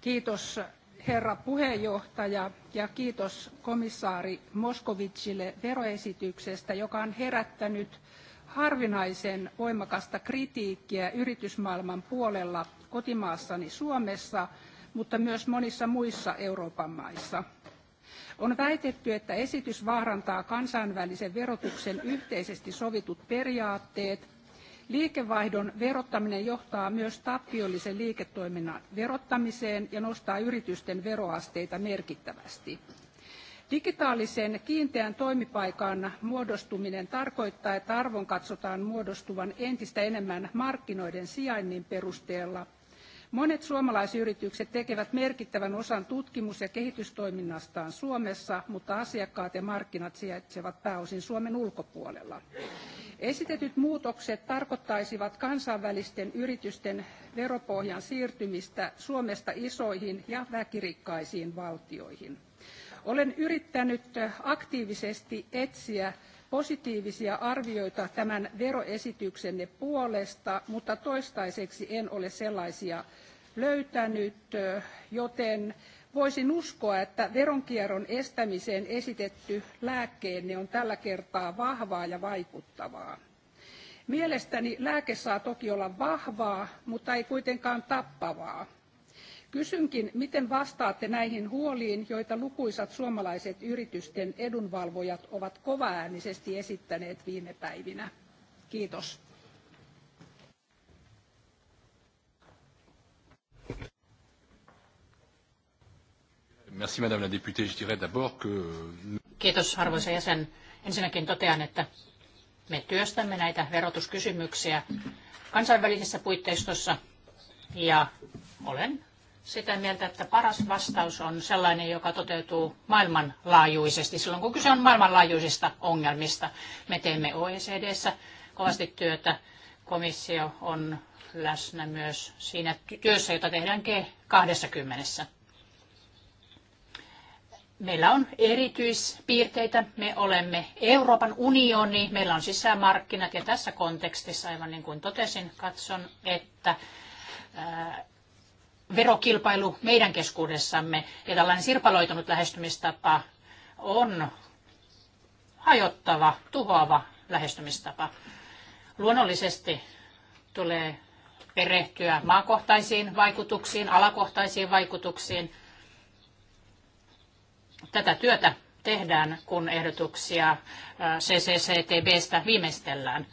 Kiitos herra puheenjohtaja ja kiitos komissaari Moskovitsille veroesityksestä, joka on herättänyt harvinaisen voimakasta kritiikkiä yritysmaailman puolella kotimaassani Suomessa, mutta myös monissa muissa Euroopan maissa. On väitetty, että esitys vaarantaa kansainvälisen verotuksen yhteisesti sovitut periaatteet Liikevaihdon verottaminen johtaa myös tappiollisen liiketoiminnan verottamiseen ja nostaa yritysten veroasteita merkittävästi. Digitaalisen kiinteän toimipaikan muodostuminen tarkoittaa, että arvon katsotaan muodostuvan entistä enemmän markkinoiden sijainnin perusteella Monet suomalaisyritykset tekevät merkittävän osan tutkimus- ja kehitystoiminnastaan Suomessa, mutta asiakkaat ja markkinat sijaitsevat pääosin Suomen ulkopuolella. Esitetyt muutokset tarkoittaisivat kansainvälisten yritysten veropohjan siirtymistä Suomesta isoihin ja väkirikkaisiin valtioihin. Olen yrittänyt aktiivisesti etsiä positiivisia arvioita tämän veroesityksenne puolesta, mutta toistaiseksi en ole sellaisia löytänyt, joten voisin uskoa, että veronkierron estämiseen esitetty lääkkeenne on tällä kertaa vahvaa ja vaikuttavaa. Mielestäni lääke saa toki olla vahvaa, mutta ei kuitenkaan tappavaa. Kysynkin, miten vastaatte näihin huoliin, joita lukuisat suomalaiset yritysten edunvalvojat ovat kovaäänisesti esittäneet viime päivinä? Kiitos. Merci madame la députée. Je dirais d'abord que... Kiitos arvoisa jäsen. Ensinnäkin totean, että me työstämme näitä verotuskysymyksiä kansainvälisessä puitteistossa ja olen sitä mieltä, että paras vastaus on sellainen, joka toteutuu maailmanlaajuisesti. Silloin kun kyse on maailmanlaajuisista ongelmista, me teemme OECDssä kovasti työtä. Komissio on läsnä myös siinä työssä, jota tehdään G20. Meillä on erityispiirteitä. Me olemme Euroopan unioni, meillä on sisämarkkinat ja tässä kontekstissa, aivan niin kuin totesin, katson, että verokilpailu meidän keskuudessamme ja tällainen sirpaloitunut lähestymistapa on hajottava, tuhoava lähestymistapa. Luonnollisesti tulee perehtyä maakohtaisiin vaikutuksiin, alakohtaisiin vaikutuksiin. Tätä työtä tehdään, kun ehdotuksia CCCTBstä viimeistellään.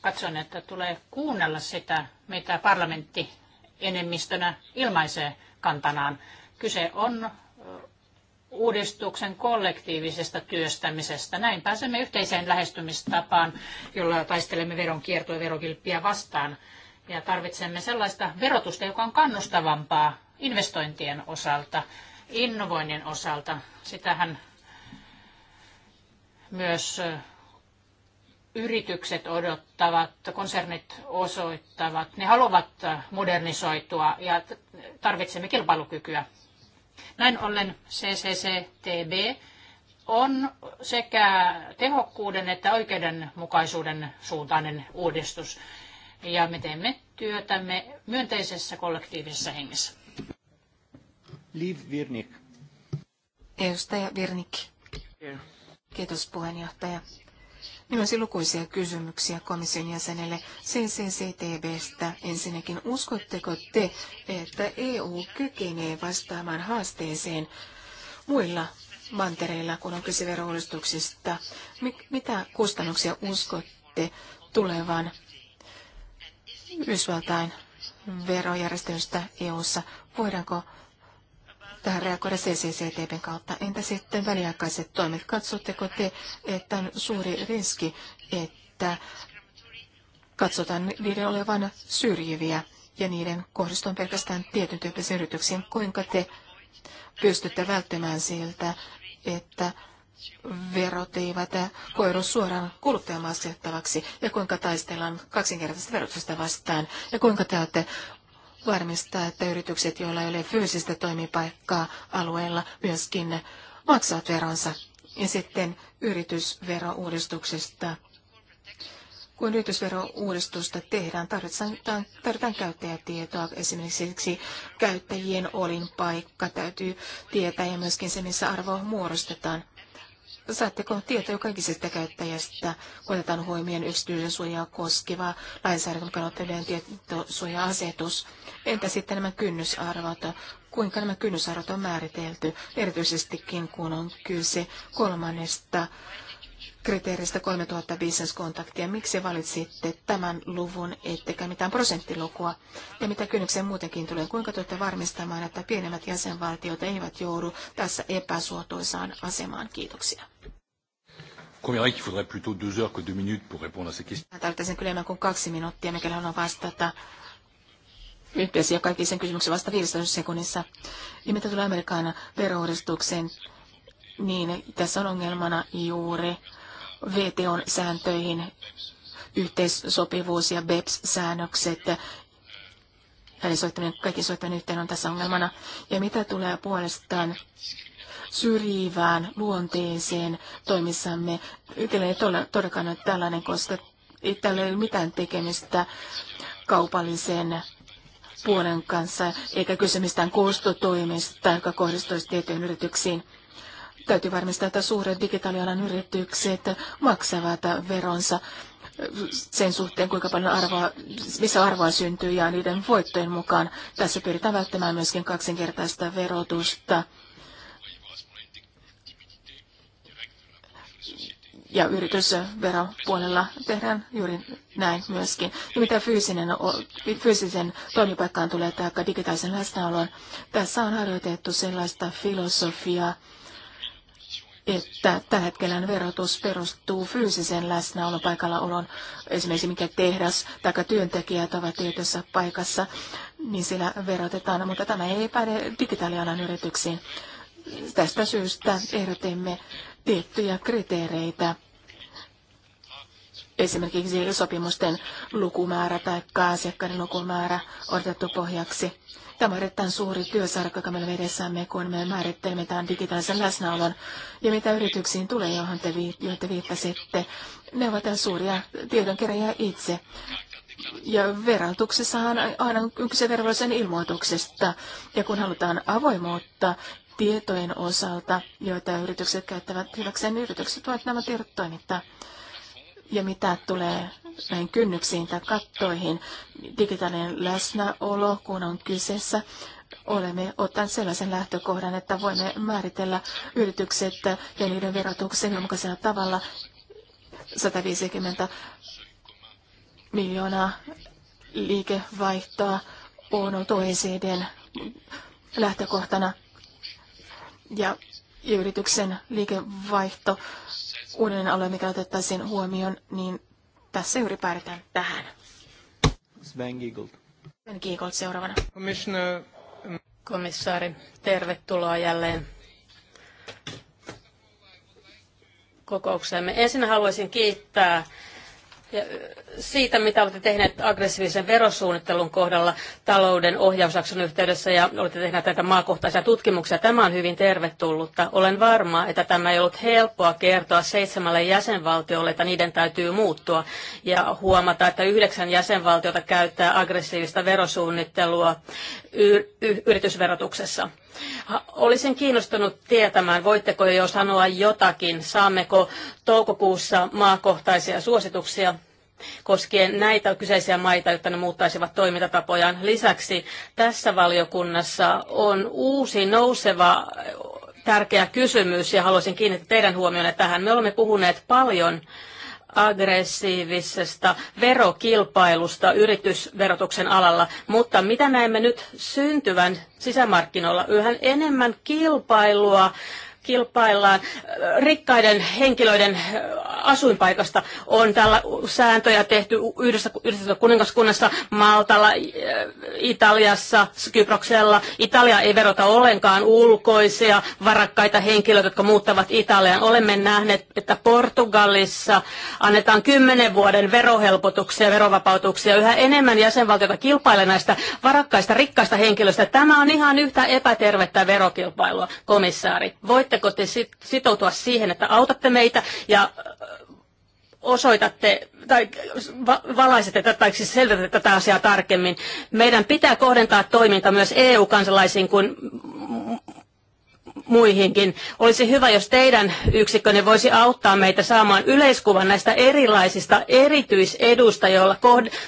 Katson, että tulee kuunnella sitä, mitä parlamentti enemmistönä ilmaisee kantanaan. Kyse on uudistuksen kollektiivisesta työstämisestä. Näin pääsemme yhteiseen lähestymistapaan, jolla taistelemme veronkiertoa ja verokilppiä vastaan. Ja tarvitsemme sellaista verotusta, joka on kannustavampaa investointien osalta, innovoinnin osalta. Sitähän myös yritykset odottavat, konsernit osoittavat, ne haluavat modernisoitua ja tarvitsemme kilpailukykyä. Näin ollen CCCTB on sekä tehokkuuden että oikeudenmukaisuuden suuntainen uudistus. Ja me teemme työtämme myönteisessä kollektiivisessa hengessä. Liv Virnik. Edustaja Virnik. Kiitos puheenjohtaja. Minulla lukuisia kysymyksiä komission jäsenelle CCCTVstä. Ensinnäkin, uskotteko te, että EU kykenee vastaamaan haasteeseen muilla mantereilla, kun on kyse verouudistuksista? mitä kustannuksia uskotte tulevan Yhdysvaltain verojärjestelystä EU:ssa? Voidaanko tähän reagoida CCCTVn kautta. Entä sitten väliaikaiset toimet? Katsotteko te, että on suuri riski, että katsotaan niiden olevan syrjiviä ja niiden kohdistuvan pelkästään tietyn tyyppisiin yrityksiin? Kuinka te pystytte välttämään siltä, että verot eivät koiru suoraan kuluttajamaan ja kuinka taistellaan kaksinkertaisesta verotusta vastaan ja kuinka te olette varmistaa, että yritykset, joilla ei ole fyysistä toimipaikkaa alueella, myöskin maksavat veronsa. Ja sitten yritysverouudistuksesta. Kun yritysverouudistusta tehdään, tarvitaan, tarvitaan käyttäjätietoa. Esimerkiksi käyttäjien olinpaikka täytyy tietää ja myöskin se, missä arvo muodostetaan. Saatteko tietoa kaikisesta käyttäjästä, kun otetaan huomioon yksityisen suojaa koskeva lainsäädännön kannalta yleinen tietosuoja-asetus? Entä sitten nämä kynnysarvot? Kuinka nämä kynnysarvot on määritelty, erityisestikin kun on kyse kolmannesta kriteeristä 3000 bisneskontaktia. Miksi valitsitte tämän luvun, ettekä mitään prosenttilukua? Ja mitä kynnykseen muutenkin tulee? Kuinka tulette varmistamaan, että pienemmät jäsenvaltiot eivät joudu tässä epäsuotuisaan asemaan? Kiitoksia. Tarvitsen kyllä enemmän kuin kaksi minuuttia, mikäli haluan vastata yhteisiä kaikki sen kysymyksen vasta 15 sekunnissa. Ja mitä tulee Amerikan verouudistukseen, niin tässä on ongelmana juuri VTOn sääntöihin yhteissopivuus ja BEPS-säännökset. Eli soittaminen, kaikki soittaminen yhteen on tässä ongelmana. Ja mitä tulee puolestaan syrjivään luonteeseen toimissamme, tilanne ei todellakaan ole tällainen, koska ei tällä ole mitään tekemistä kaupallisen puolen kanssa, eikä kyse mistään koostotoimista, joka kohdistuisi tiettyihin yrityksiin. Täytyy varmistaa, että suuret digitaalialan yritykset maksavat veronsa sen suhteen, kuinka paljon arvoa, missä arvoa syntyy ja niiden voittojen mukaan. Tässä pyritään välttämään myöskin kaksinkertaista verotusta. ja yritysveropuolella tehdään juuri näin myöskin. Ja mitä fyysinen, fyysisen toimipaikkaan tulee taikka digitaalisen läsnäolon, tässä on harjoitettu sellaista filosofiaa, että tällä hetkellä verotus perustuu fyysisen olon. Esimerkiksi mikä tehdas tai työntekijät ovat tietyssä paikassa, niin sillä verotetaan, mutta tämä ei päde digitaalialan yrityksiin. Tästä syystä ehdotimme tiettyjä kriteereitä esimerkiksi sopimusten lukumäärä tai asiakkaiden lukumäärä on otettu pohjaksi. Tämä on erittäin suuri työsarka, joka meillä edessämme, kun me määrittelemme tämän digitaalisen läsnäolon. Ja mitä yrityksiin tulee, johon te, johon te viittasitte, ne ovat suuria tiedonkeräjiä itse. Ja verotuksessahan aina yksi verollisen ilmoituksesta. Ja kun halutaan avoimuutta tietojen osalta, joita yritykset käyttävät hyväkseen, niin yritykset voivat nämä tiedot toimittaa. Ja mitä tulee näihin kynnyksiin tai kattoihin. Digitaalinen läsnäolo, kun on kyseessä, olemme ottaneet sellaisen lähtökohdan, että voimme määritellä yritykset ja niiden verotuksen ilmaisella tavalla 150 miljoonaa liikevaihtoa on ollut OECDn lähtökohtana. Ja yrityksen liikevaihto uuden alue, mikä otettaisiin huomioon, niin tässä juuri päädytään tähän. Sven Giegold. Sven Giegold seuraavana. Commissioner... Komissaari, tervetuloa jälleen kokoukseemme. Ensin haluaisin kiittää siitä, mitä olette tehneet aggressiivisen verosuunnittelun kohdalla talouden ohjausjakson yhteydessä ja olette tehneet näitä maakohtaisia tutkimuksia. Tämä on hyvin tervetullutta. Olen varma, että tämä ei ollut helppoa kertoa seitsemälle jäsenvaltiolle, että niiden täytyy muuttua ja huomata, että yhdeksän jäsenvaltiota käyttää aggressiivista verosuunnittelua yritysverotuksessa. Olisin kiinnostunut tietämään, voitteko jo sanoa jotakin, saammeko toukokuussa maakohtaisia suosituksia koskien näitä kyseisiä maita, jotta ne muuttaisivat toimintatapojaan. Lisäksi tässä valiokunnassa on uusi nouseva tärkeä kysymys ja haluaisin kiinnittää teidän huomionne tähän. Me olemme puhuneet paljon aggressiivisesta verokilpailusta yritysverotuksen alalla, mutta mitä näemme nyt syntyvän sisämarkkinoilla? Yhä enemmän kilpailua kilpaillaan rikkaiden henkilöiden asuinpaikasta. On tällä sääntöjä tehty yhdessä, yhdessä kuningaskunnassa, Maltalla, Italiassa, Kyproksella. Italia ei verota ollenkaan ulkoisia varakkaita henkilöitä, jotka muuttavat Italiaan. Olemme nähneet, että Portugalissa annetaan kymmenen vuoden verohelpotuksia, verovapautuksia. Yhä enemmän jäsenvaltioita kilpailee näistä varakkaista, rikkaista henkilöistä. Tämä on ihan yhtä epätervettä verokilpailua, komissaari. Voitte voitteko te sitoutua siihen, että autatte meitä ja äh, osoitatte tai valaisette tätä, siis selvitätte tätä asiaa tarkemmin. Meidän pitää kohdentaa toiminta myös EU-kansalaisiin kuin muihinkin. Olisi hyvä, jos teidän yksikkönne voisi auttaa meitä saamaan yleiskuvan näistä erilaisista erityisedusta, joilla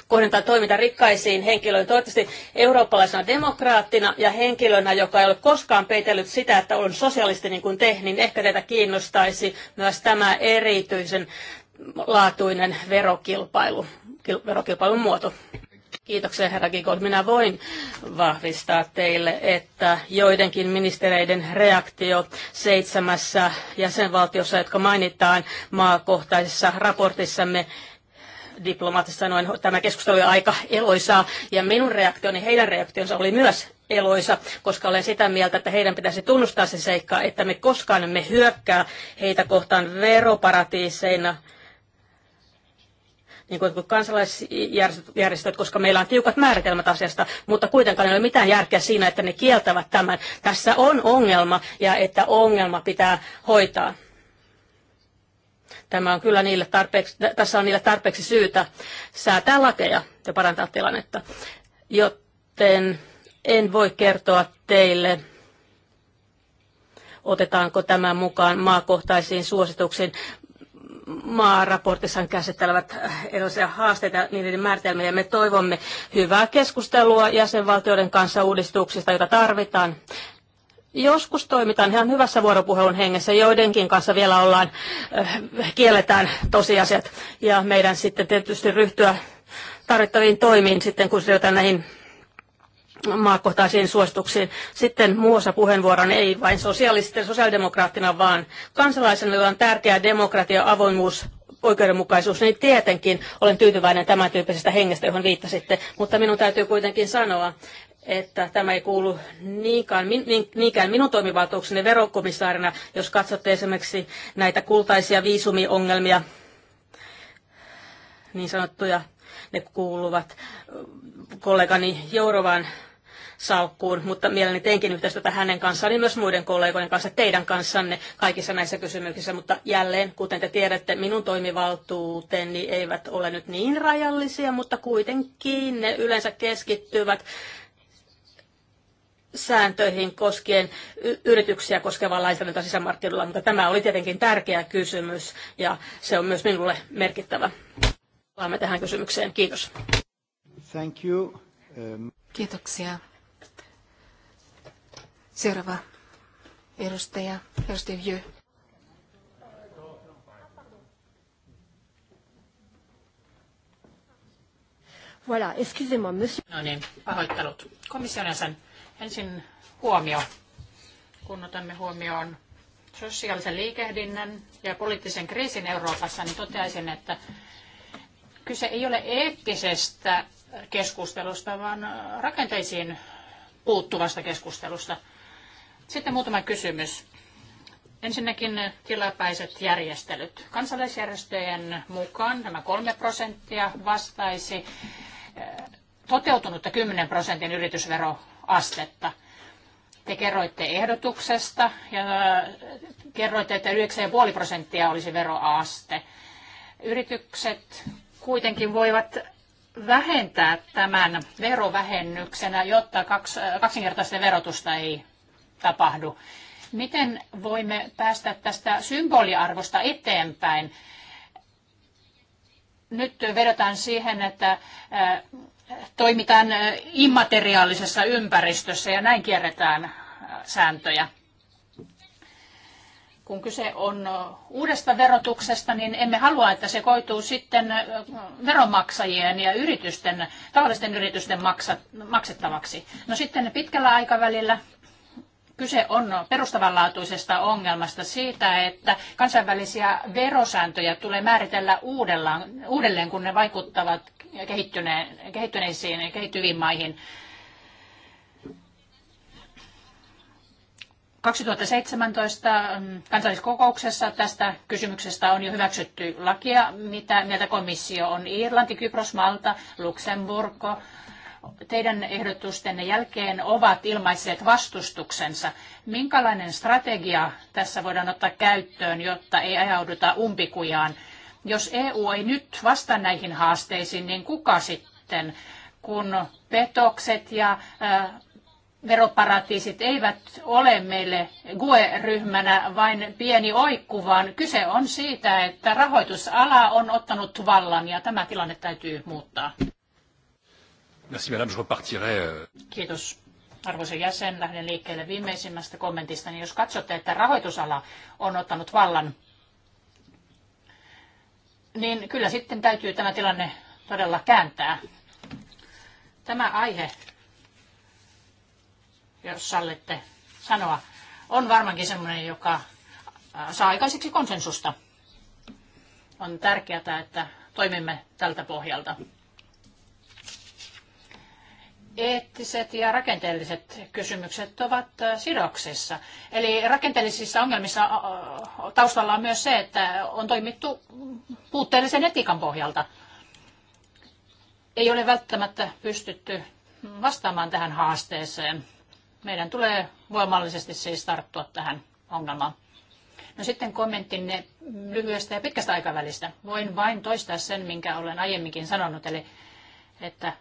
kohdentaa toiminta rikkaisiin henkilöihin. Toivottavasti eurooppalaisena demokraattina ja henkilönä, joka ei ole koskaan peitellyt sitä, että on sosialisti niin kuin te, niin ehkä teitä kiinnostaisi myös tämä erityisen laatuinen verokilpailu, verokilpailun muoto. Kiitoksia herra Gigold. Minä voin vahvistaa teille, että joidenkin ministereiden reaktio seitsemässä jäsenvaltiossa, jotka mainitaan maakohtaisessa raportissamme, diplomaattisesti sanoen tämä keskustelu oli aika eloisaa ja minun reaktioni, heidän reaktionsa oli myös eloisa, koska olen sitä mieltä, että heidän pitäisi tunnustaa se seikka, että me koskaan emme hyökkää heitä kohtaan veroparatiiseina – niin kuin kansalaisjärjestöt, koska meillä on tiukat määritelmät asiasta, mutta kuitenkaan ei ole mitään järkeä siinä, että ne kieltävät tämän. Tässä on ongelma ja että ongelma pitää hoitaa. Tämä on kyllä niille tarpeeksi, tässä on niille tarpeeksi syytä säätää lakeja ja parantaa tilannetta. Joten en voi kertoa teille otetaanko tämä mukaan maakohtaisiin suosituksiin maaraportissaan käsittelevät äh, erilaisia haasteita niiden määritelmiä. Me toivomme hyvää keskustelua jäsenvaltioiden kanssa uudistuksista, joita tarvitaan. Joskus toimitaan ihan hyvässä vuoropuhelun hengessä, joidenkin kanssa vielä ollaan, äh, kielletään tosiasiat ja meidän sitten tietysti ryhtyä tarvittaviin toimiin sitten, kun siirrytään näihin maakohtaiseen suosituksiin. Sitten muussa puheenvuoron ei vain sosiaalisten sosiaalidemokraattina, vaan kansalaisen jolla on tärkeä demokratia, avoimuus, oikeudenmukaisuus, niin tietenkin olen tyytyväinen tämän tyyppisestä hengestä, johon viittasitte. Mutta minun täytyy kuitenkin sanoa, että tämä ei kuulu niinkään, niin, niinkään minun toimivaltuukseni verokomissaarina, jos katsotte esimerkiksi näitä kultaisia viisumiongelmia, niin sanottuja, ne kuuluvat kollegani Jourovan salkkuun, mutta mielelläni teinkin yhteistyötä hänen kanssaan ja niin myös muiden kollegojen kanssa, teidän kanssanne kaikissa näissä kysymyksissä, mutta jälleen, kuten te tiedätte, minun toimivaltuuteni eivät ole nyt niin rajallisia, mutta kuitenkin ne yleensä keskittyvät sääntöihin koskien yrityksiä koskevaa lainsäädäntöä sisämarkkinoilla, mutta tämä oli tietenkin tärkeä kysymys ja se on myös minulle merkittävä. Palaamme tähän kysymykseen. Kiitos. Thank you. Um... Kiitoksia. Seuraava edustaja, edustaja Jö. Voilà, excusez-moi, monsieur. No niin, pahoittelut. Komission jäsen, ensin huomio. Kun otamme huomioon sosiaalisen liikehdinnän ja poliittisen kriisin Euroopassa, niin toteaisin, että kyse ei ole eettisestä keskustelusta, vaan rakenteisiin puuttuvasta keskustelusta. Sitten muutama kysymys. Ensinnäkin tilapäiset järjestelyt. Kansalaisjärjestöjen mukaan tämä kolme prosenttia vastaisi eh, toteutunutta 10 prosentin yritysveroastetta. Te kerroitte ehdotuksesta ja eh, kerroitte, että 9,5 prosenttia olisi veroaste. Yritykset kuitenkin voivat vähentää tämän verovähennyksenä, jotta kaksinkertaista verotusta ei tapahdu. Miten voimme päästä tästä symboliarvosta eteenpäin? Nyt vedotaan siihen, että äh, toimitaan äh, immateriaalisessa ympäristössä ja näin kierretään äh, sääntöjä. Kun kyse on uudesta verotuksesta, niin emme halua, että se koituu sitten veronmaksajien ja yritysten, tavallisten yritysten maksettavaksi. No sitten pitkällä aikavälillä Kyse on perustavanlaatuisesta ongelmasta siitä, että kansainvälisiä verosääntöjä tulee määritellä uudelleen, kun ne vaikuttavat kehittyneisiin ja kehittyviin maihin. 2017 mm, kansalliskokouksessa tästä kysymyksestä on jo hyväksytty lakia, mitä mieltä komissio on Irlanti, Kypros, Malta, Luxemburg, teidän ehdotustenne jälkeen ovat ilmaisseet vastustuksensa. Minkälainen strategia tässä voidaan ottaa käyttöön, jotta ei ajauduta umpikujaan? Jos EU ei nyt vastaa näihin haasteisiin, niin kuka sitten, kun petokset ja veroparatiisit eivät ole meille GUE-ryhmänä vain pieni oikku, vaan kyse on siitä, että rahoitusala on ottanut vallan ja tämä tilanne täytyy muuttaa. Merci madame, je repartirai. Euh. Kiitos. Arvoisa jäsen, lähden liikkeelle viimeisimmästä kommentista. Niin jos katsotte, että rahoitusala on ottanut vallan, niin kyllä sitten täytyy tämä tilanne todella kääntää. Tämä aihe, jos sallitte sanoa, on varmaankin sellainen, joka saa aikaiseksi konsensusta. On tärkeää, että toimimme tältä pohjalta eettiset ja rakenteelliset kysymykset ovat äh, sidoksissa. Eli rakenteellisissa ongelmissa äh, äh, taustalla on myös se, että on toimittu puutteellisen etiikan pohjalta. Ei ole välttämättä pystytty vastaamaan tähän haasteeseen. Meidän tulee voimallisesti siis tarttua tähän ongelmaan. No sitten kommenttinne lyhyestä ja pitkästä aikavälistä. Voin vain toistaa sen, minkä olen aiemminkin sanonut, eli että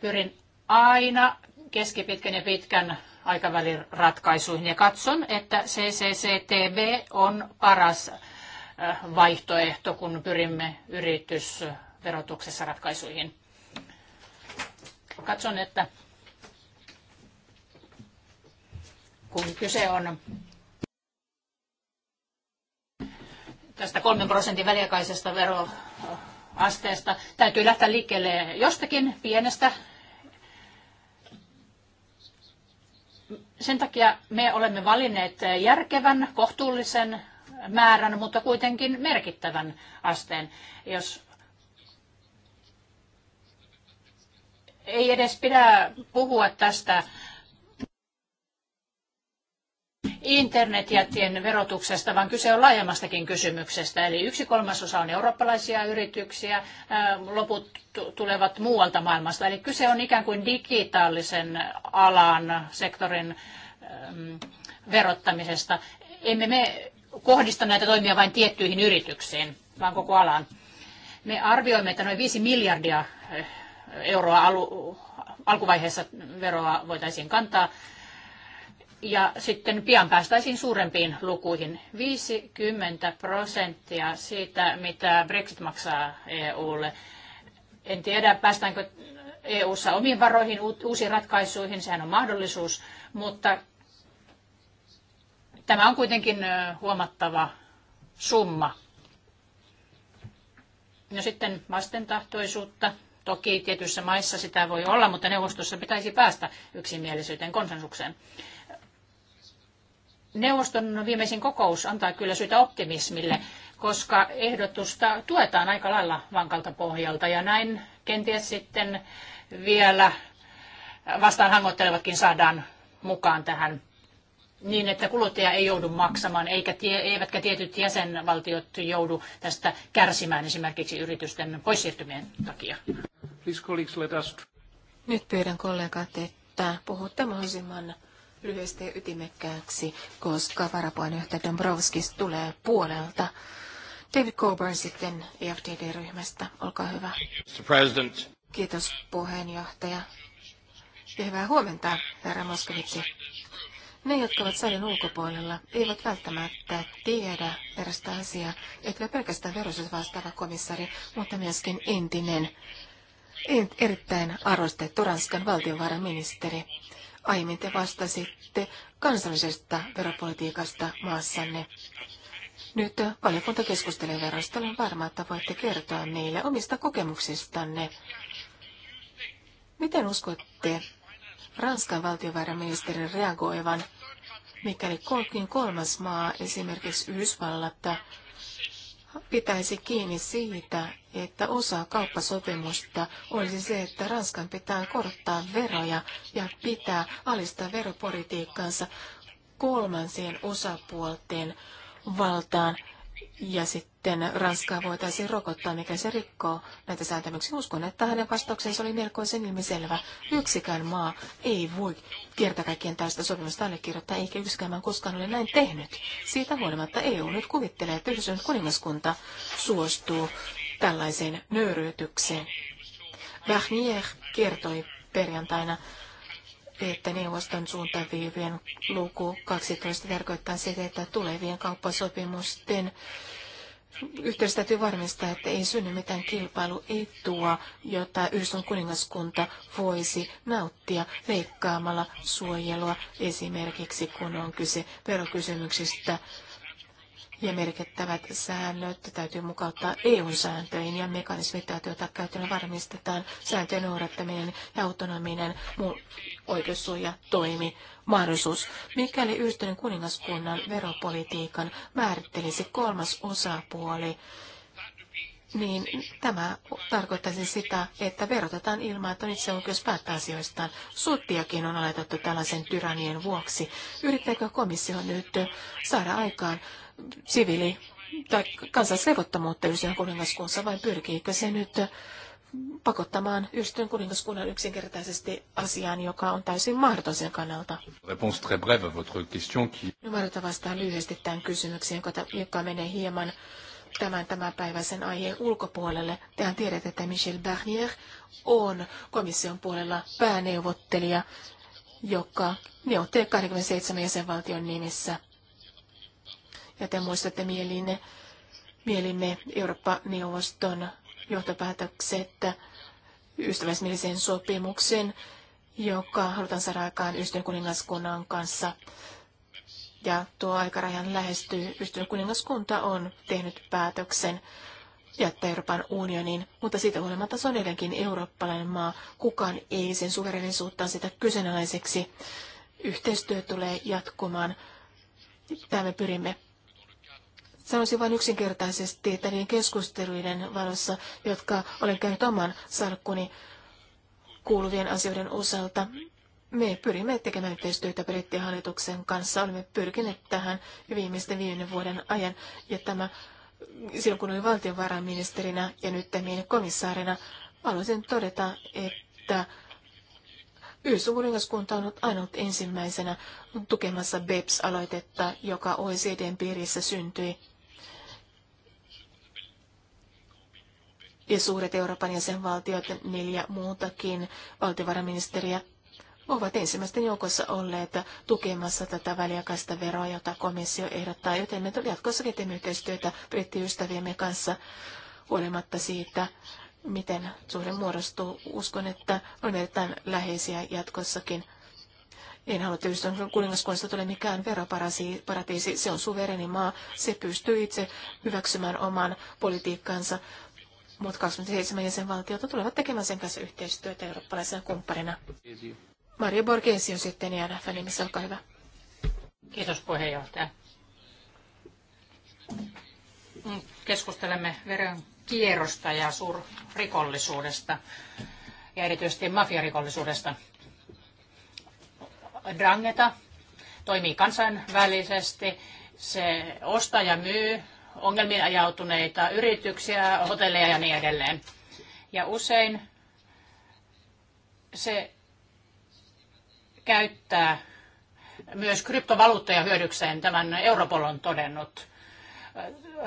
pyrin aina keskipitkän ja pitkän aikavälin ratkaisuihin ja katson, että CCCTB on paras äh, vaihtoehto, kun pyrimme yritysverotuksessa ratkaisuihin. Katson, että kun kyse on tästä kolmen prosentin väliaikaisesta veroasteesta, täytyy lähteä liikkeelle jostakin pienestä Sen takia me olemme valinneet järkevän, kohtuullisen määrän, mutta kuitenkin merkittävän asteen. Jos ei edes pidä puhua tästä internetjättien verotuksesta, vaan kyse on laajemmastakin kysymyksestä. Eli yksi kolmasosa on eurooppalaisia yrityksiä, loput tulevat muualta maailmasta. Eli kyse on ikään kuin digitaalisen alan, sektorin verottamisesta. Emme me kohdista näitä toimia vain tiettyihin yrityksiin, vaan koko alaan. Me arvioimme, että noin 5 miljardia euroa alu, alkuvaiheessa veroa voitaisiin kantaa ja sitten pian päästäisiin suurempiin lukuihin. 50 prosenttia siitä, mitä Brexit maksaa EUlle. En tiedä, päästäänkö EUssa omiin varoihin, uusiin ratkaisuihin, sehän on mahdollisuus, mutta tämä on kuitenkin huomattava summa. No sitten vastentahtoisuutta. Toki tietyissä maissa sitä voi olla, mutta neuvostossa pitäisi päästä yksimielisyyteen konsensukseen. Neuvoston viimeisin kokous antaa kyllä syytä optimismille, koska ehdotusta tuetaan aika lailla vankalta pohjalta ja näin kenties sitten vielä vastaan hangottelevatkin saadaan mukaan tähän niin, että kuluttaja ei joudu maksamaan, eikä tie, eivätkä tietyt jäsenvaltiot joudu tästä kärsimään esimerkiksi yritysten poissiirtymien takia. Nyt pyydän kollegat, että puhutte mahdollisimman lyhyesti ja ytimekkääksi, koska varapuheenjohtaja Dombrovskis tulee puolelta. David Coburn sitten EFTD-ryhmästä. Olkaa hyvä. President. Kiitos puheenjohtaja. Ja hyvää huomenta, herra Moskovitsi. Ne, jotka ovat salin ulkopuolella, eivät välttämättä tiedä erästä asiaa, että pelkästään verotus vastaava komissari, mutta myöskin entinen erittäin arvostettu Ranskan valtiovarainministeri. Aiemmin te vastasitte kansallisesta veropolitiikasta maassanne. Nyt valiokunta keskustelee verosta. Olen varma, että voitte kertoa meille omista kokemuksistanne. Miten uskotte Ranskan valtiovarainministerin reagoivan, mikäli kolkin kolmas maa, esimerkiksi Yhdysvallat, pitäisi kiinni siitä, että osa kauppasopimusta olisi se, että Ranskan pitää korottaa veroja ja pitää alistaa veropolitiikkansa kolmansien osapuolten valtaan ja sitten sitten Ranskaa voitaisiin rokottaa, mikä se rikkoo näitä säätämyksiä. Uskon, että hänen vastauksensa oli melkoisen ilmiselvä. Yksikään maa ei voi kerta tästä sopimusta allekirjoittaa, eikä yksikään maa koskaan ole näin tehnyt. Siitä huolimatta EU nyt kuvittelee, että yhdistynyt kuningaskunta suostuu tällaiseen nöyryytykseen. Vahnier kertoi perjantaina että neuvoston suuntaviivien luku 12 tarkoittaa sitä, että tulevien kauppasopimusten yhteydessä täytyy varmistaa, että ei synny mitään kilpailuetua, jota Yhdistön kuningaskunta voisi nauttia leikkaamalla suojelua esimerkiksi, kun on kyse verokysymyksistä ja merkittävät säännöt täytyy mukauttaa EU-sääntöihin ja mekanismit täytyy ottaa käyttöön varmistetaan sääntöjen noudattaminen ja autonominen oikeussuoja toimi mahdollisuus, mikäli yhteinen kuningaskunnan veropolitiikan määrittelisi kolmas osapuoli niin tämä tarkoittaisi sitä, että verotetaan ilman, että on itse oikeus päättää asioistaan. Suttiakin on aletettu tällaisen tyrannien vuoksi. Yrittääkö komissio nyt saada aikaan siviili- tai kansallisrevottomuutta Yhdistyneen kuningaskunnassa, vai pyrkiikö se nyt pakottamaan Yhdistyneen kuningaskunnan yksinkertaisesti asiaan, joka on täysin mahdoton sen kannalta? Ymmärrytä vastaan lyhyesti tämän kysymykseen, joka, joka menee hieman tämän tämänpäiväisen aiheen ulkopuolelle. Tehän tiedät, että Michel Barnier on komission puolella pääneuvottelija, joka neuvottelee 27 jäsenvaltion nimissä ja te muistatte mielinne, mielimme Eurooppa-neuvoston johtopäätökset ystävällismielisen sopimuksen, joka halutaan saada aikaan ystävän kuningaskunnan kanssa. Ja tuo aikarajan lähestyy. Ystävän kuningaskunta on tehnyt päätöksen jättää Euroopan unionin, mutta siitä huolimatta se on edelleenkin eurooppalainen maa. Kukaan ei sen suverenisuuttaan sitä kyseenalaiseksi. Yhteistyö tulee jatkumaan. Tämä me pyrimme Sanoisin vain yksinkertaisesti, että niiden keskusteluiden valossa, jotka olen käynyt oman sarkkuni kuuluvien asioiden osalta, me pyrimme tekemään yhteistyötä hallituksen kanssa. Olemme pyrkineet tähän viimeisten viiden vuoden ajan. Ja tämä, silloin kun olin valtiovarainministerinä ja nyt tämän komissaarina, haluaisin todeta, että YS-kuningaskunta on ollut ainut ensimmäisenä tukemassa BEPS-aloitetta, joka OECDn piirissä syntyi ja suuret Euroopan jäsenvaltiot, neljä muutakin valtiovarainministeriä, ovat ensimmäisten joukossa olleet tukemassa tätä väliaikaista veroa, jota komissio ehdottaa, joten me jatkossakin teemme yhteistyötä brittiystäviemme kanssa huolimatta siitä, miten suhde muodostuu. Uskon, että on erittäin läheisiä jatkossakin. En halua tietysti kuningaskunnasta tulee mikään veroparatiisi. Se on suvereni maa. Se pystyy itse hyväksymään oman politiikkansa muut 27 jäsenvaltiota tulevat tekemään sen kanssa yhteistyötä eurooppalaisena kumppanina. Mario on sitten INF nimissä, olkaa hyvä. Kiitos puheenjohtaja. Mm, keskustelemme veren kierrosta ja suurrikollisuudesta ja erityisesti mafiarikollisuudesta. Drangeta toimii kansainvälisesti, se ostaa ja myy ongelmiin ajautuneita yrityksiä, hotelleja ja niin edelleen. Ja usein se käyttää myös kryptovaluuttoja hyödykseen, tämän Europol on todennut.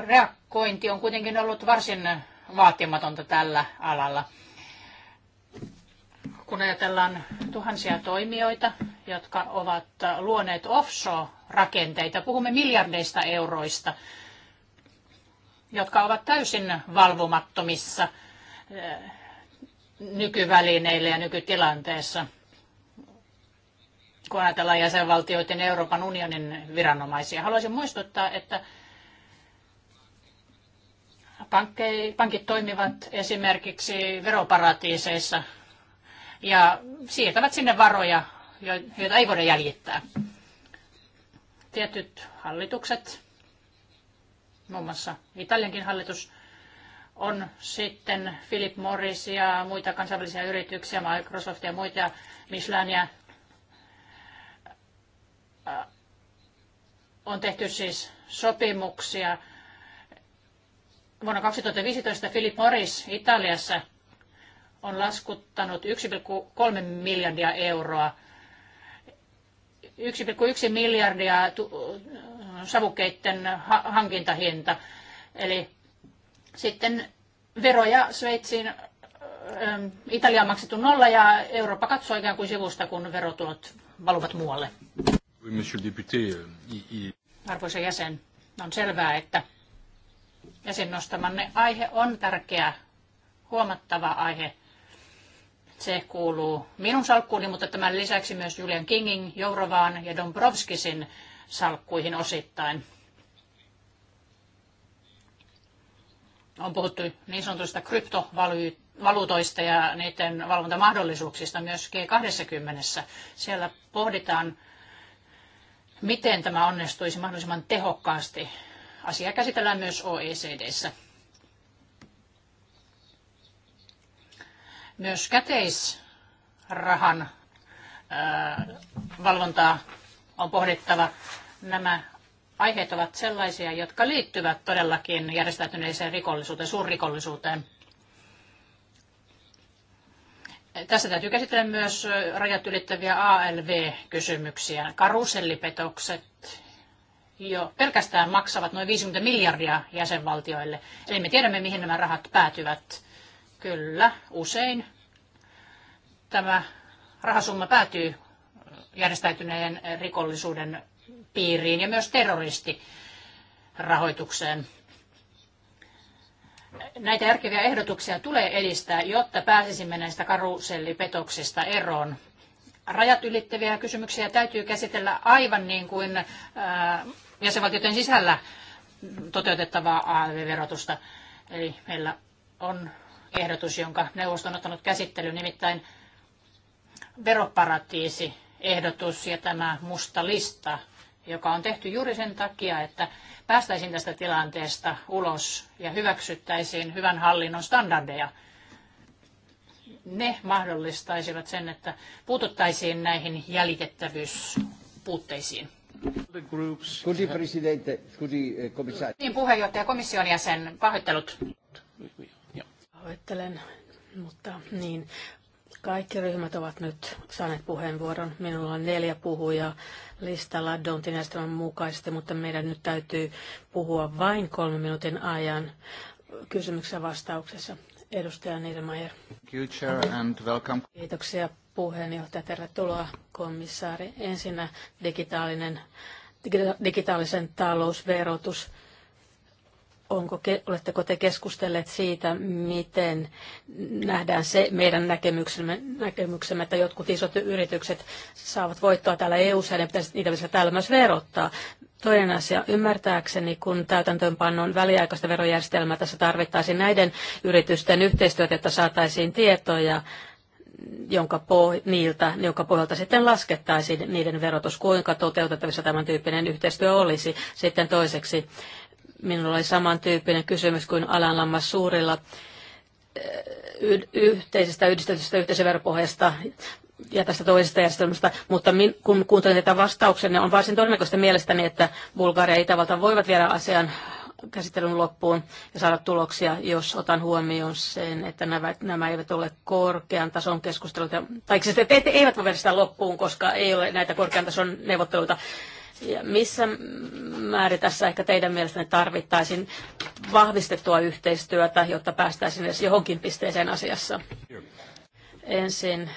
Reakointi on kuitenkin ollut varsin vaatimatonta tällä alalla. Kun ajatellaan tuhansia toimijoita, jotka ovat luoneet offshore-rakenteita, puhumme miljardeista euroista, jotka ovat täysin valvomattomissa eh, nykyvälineillä ja nykytilanteessa, kun ajatellaan jäsenvaltioiden ja Euroopan unionin viranomaisia. Haluaisin muistuttaa, että pankit toimivat esimerkiksi veroparatiiseissa ja siirtävät sinne varoja, joita ei voida jäljittää. Tietyt hallitukset muun muassa Italiankin hallitus, on sitten Philip Morris ja muita kansainvälisiä yrityksiä, Microsoft ja muita, ja äh, On tehty siis sopimuksia. Vuonna 2015 Philip Morris Italiassa on laskuttanut 1,3 miljardia euroa. 1,1 miljardia savukkeiden hankintahinta. Eli sitten veroja Sveitsiin Italia on maksettu nolla ja Eurooppa katsoo ikään kuin sivusta, kun verotulot valuvat muualle. Euh, Arvoisa jäsen, on selvää, että jäsen nostamanne aihe on tärkeä, huomattava aihe. Se kuuluu minun salkkuuni, mutta tämän lisäksi myös Julian Kingin, Jourovaan ja Dombrovskisin salkkuihin osittain. On puhuttu niin sanotuista kryptovaluutoista ja niiden valvontamahdollisuuksista myös G20. Siellä pohditaan, miten tämä onnistuisi mahdollisimman tehokkaasti. Asia käsitellään myös OECDssä. myös käteisrahan äh, valvontaa on pohdittava. Nämä aiheet ovat sellaisia, jotka liittyvät todellakin järjestäytyneeseen rikollisuuteen, suurrikollisuuteen. Tässä täytyy käsitellä myös rajat ylittäviä ALV-kysymyksiä. Karusellipetokset jo pelkästään maksavat noin 50 miljardia jäsenvaltioille. Eli me tiedämme, mihin nämä rahat päätyvät. Kyllä, usein tämä rahasumma päätyy järjestäytyneen rikollisuuden piiriin ja myös terroristirahoitukseen. Näitä järkeviä ehdotuksia tulee edistää, jotta pääsisimme näistä karusellipetoksista eroon. Rajat ylittäviä kysymyksiä täytyy käsitellä aivan niin kuin äh, jäsenvaltioiden sisällä toteutettavaa ALV-verotusta. Eli meillä on ehdotus, jonka neuvosto on ottanut käsittelyyn, nimittäin veroparatiisi ehdotus ja tämä musta lista, joka on tehty juuri sen takia, että päästäisiin tästä tilanteesta ulos ja hyväksyttäisiin hyvän hallinnon standardeja. Ne mahdollistaisivat sen, että puututtaisiin näihin jäljitettävyyspuutteisiin. Scusi, presidente, scusi, komissaari. Eh, niin, puheenjohtaja, komission jäsen, pahoittelut. Pahoittelen, mutta niin. Kaikki ryhmät ovat nyt saaneet puheenvuoron. Minulla on neljä puhujaa listalla Dontin järjestelmän mukaisesti, mutta meidän nyt täytyy puhua vain kolmen minuutin ajan kysymyksessä vastauksessa. Edustaja Niedermayer. Kiitoksia puheenjohtaja. Tervetuloa komissaari. Ensinnä digitaalinen, digitaalisen talousverotus onko, oletteko te keskustelleet siitä, miten nähdään se meidän näkemyksemme, näkemyksemme että jotkut isot yritykset saavat voittoa täällä EU-ssa ja pitäisi, niitä pitäisi täällä myös verottaa. Toinen asia, ymmärtääkseni, kun täytäntöönpannon väliaikaista verojärjestelmää tässä tarvittaisiin näiden yritysten yhteistyötä, että saataisiin tietoja jonka poh- niiltä, jonka pohjalta sitten laskettaisiin niiden verotus, kuinka toteutettavissa tämän tyyppinen yhteistyö olisi. Sitten toiseksi Minulla oli samantyyppinen kysymys kuin Alan Lammas Suurilla eh, yhteisestä yhdistetystä yhteisöveropohjasta ja tästä toisesta järjestelmästä, mutta min, kun kuuntelin tätä niin on varsin todennäköistä mielestäni, että Bulgaria ja Itävalta voivat viedä asian käsittelyn loppuun ja saada tuloksia, jos otan huomioon sen, että nämä, nämä eivät ole korkean tason keskusteluita, tai siis te, te, te eivät voi viedä sitä loppuun, koska ei ole näitä korkean tason neuvotteluita ja missä määrin tässä ehkä teidän mielestänne tarvittaisiin vahvistettua yhteistyötä, jotta päästäisiin edes johonkin pisteeseen asiassa? Ensin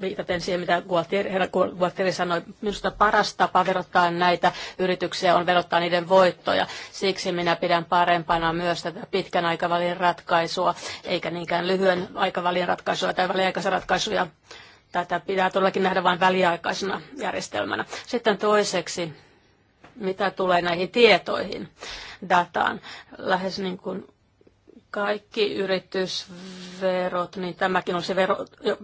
viitaten siihen, mitä Gualtieri, herra Gualtieri sanoi, minusta paras tapa verottaa näitä yrityksiä on verottaa niiden voittoja. Siksi minä pidän parempana myös tätä pitkän aikavälin ratkaisua, eikä niinkään lyhyen aikavälin ratkaisua tai väliaikaisen ratkaisuja tätä pitää todellakin nähdä vain väliaikaisena järjestelmänä. Sitten toiseksi, mitä tulee näihin tietoihin, dataan. Lähes niin kuin kaikki yritysverot, niin tämäkin on se vero,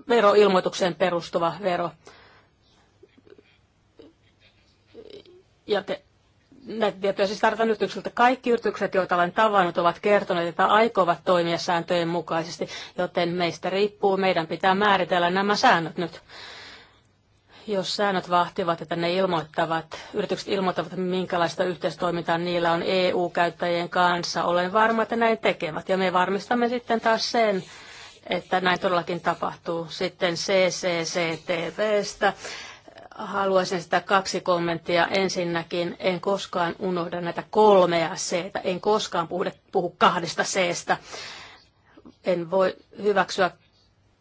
veroilmoitukseen perustuva vero. Ja te, näitä tietoja siis tarvitaan yrityksiltä. Kaikki yritykset, joita olen tavannut, ovat kertoneet, että aikovat toimia sääntöjen mukaisesti, joten meistä riippuu, meidän pitää määritellä nämä säännöt nyt. Jos säännöt vahtivat, että ne ilmoittavat, yritykset ilmoittavat, minkälaista yhteistoimintaa niillä on EU-käyttäjien kanssa, olen varma, että näin tekevät. Ja me varmistamme sitten taas sen, että näin todellakin tapahtuu. Sitten CCCTVstä haluaisin sitä kaksi kommenttia. Ensinnäkin en koskaan unohda näitä kolmea c en koskaan puhu, puhu kahdesta c En voi hyväksyä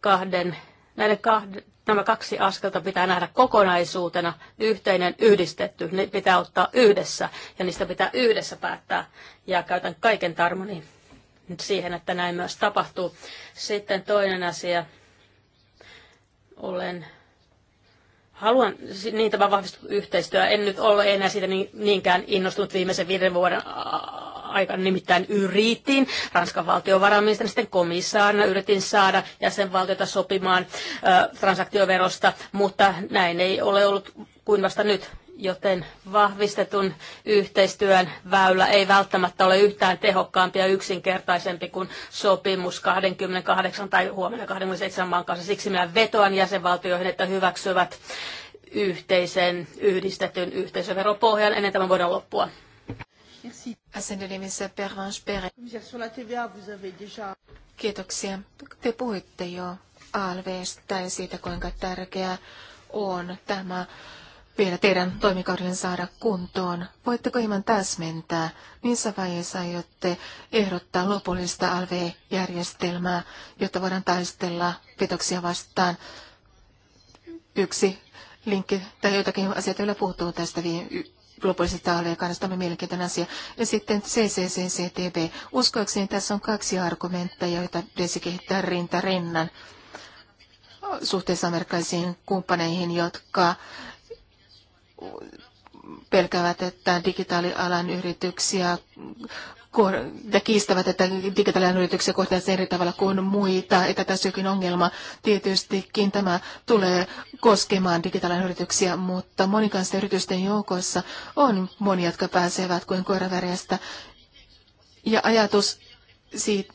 kahden, näiden kahden, nämä kaksi askelta pitää nähdä kokonaisuutena, yhteinen, yhdistetty, ne pitää ottaa yhdessä ja niistä pitää yhdessä päättää ja käytän kaiken tarmoni siihen, että näin myös tapahtuu. Sitten toinen asia, olen haluan niin tämä vahvistettu yhteistyö. En nyt ole enää siitä niinkään innostunut viimeisen viiden vuoden aikana nimittäin yritin Ranskan valtiovarainministerin sitten komissaarina yritin saada jäsenvaltiota sopimaan ö, transaktioverosta, mutta näin ei ole ollut kuin vasta nyt joten vahvistetun yhteistyön väylä ei välttämättä ole yhtään tehokkaampi ja yksinkertaisempi kuin sopimus 28 tai huomenna 27 maan kanssa. Siksi minä vetoan jäsenvaltioihin, että hyväksyvät yhteisen yhdistetyn yhteisöveropohjan ennen tämän vuoden loppua. Kiitoksia. Te puhuitte jo ALVstä ja siitä, kuinka tärkeää on tämä vielä teidän toimikauden saada kuntoon. Voitteko hieman täsmentää, missä vaiheessa aiotte ehdottaa lopullista LV-järjestelmää, jotta voidaan taistella petoksia vastaan? Yksi linkki tai jotakin asioita, joilla puuttuu tästä LV-kannasta, on mielenkiintoinen asia. Ja sitten CCCCTV. Uskoakseni tässä on kaksi argumenttia, joita pitäisi kehittää rinta rinnan suhteessa amerikkalaisiin kumppaneihin, jotka pelkäävät, että digitaalialan yrityksiä ja kiistävät, että digitaalialan yrityksiä kohtaa eri tavalla kuin muita, että tässä jokin ongelma. Tietystikin tämä tulee koskemaan digitaalialan yrityksiä, mutta monikansaisten yritysten joukossa on monia, jotka pääsevät kuin koiraväriästä. Ja ajatus siitä,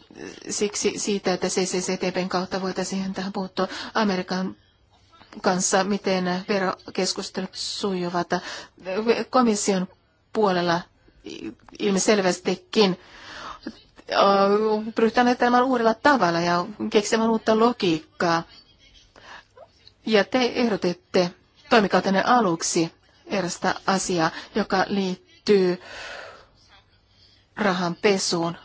siksi siitä, että CCCTPn kautta voitaisiin tähän puuttua. Amerikan kanssa, miten verokeskustelut sujuvat. Komission puolella ilmiselvästikin äh, ryhtyä tämän uudella tavalla ja keksimään uutta logiikkaa. Ja te ehdotitte toimikautenne aluksi erästä asiaa, joka liittyy rahan pesuun.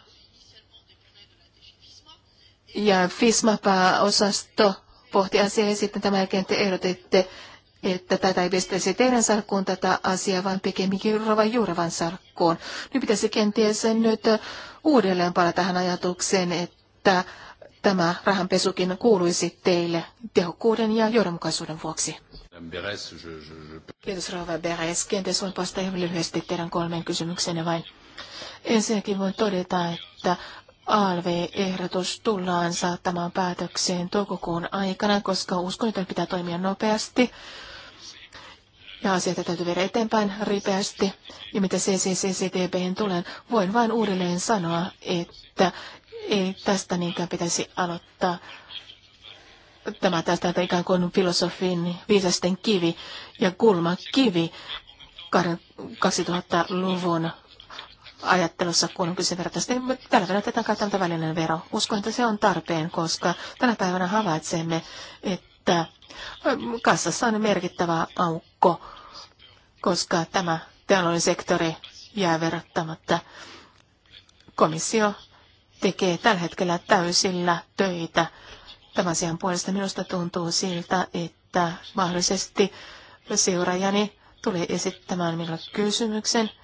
Ja FISMAPA-osasto pohti asiaa ja sitten tämän jälkeen te ehdotitte, että tätä ei pistäisi teidän sarkkuun tätä asiaa, vaan pikemminkin Rovan Juurevan sarkkuun. Nyt pitäisi kenties nyt uudelleen palata tähän ajatukseen, että tämä rahanpesukin kuuluisi teille tehokkuuden ja johdonmukaisuuden vuoksi. Kiitos Rova Beres. Kenties voin vastata lyhyesti teidän kolmeen kysymykseen vain. Ensinnäkin voin todeta, että ALV-ehdotus tullaan saattamaan päätökseen toukokuun aikana, koska uskon, että pitää toimia nopeasti. Ja asioita täytyy viedä eteenpäin ripeästi. Ja mitä CCCTBn tulee, voin vain uudelleen sanoa, että ei tästä niinkään pitäisi aloittaa. Tämä tästä ikään kuin filosofin viisasten kivi ja kulmakivi 2000-luvun ajattelussa, kun on kyse vertaista. Tällä tavalla tätä käytetään välinen vero. Uskon, että se on tarpeen, koska tänä päivänä havaitsemme, että ähm, kassassa on merkittävä aukko, koska tämä teollinen sektori jää verottamatta. Komissio tekee tällä hetkellä täysillä töitä. Tämän asian puolesta minusta tuntuu siltä, että mahdollisesti seuraajani tulee esittämään minulle kysymyksen –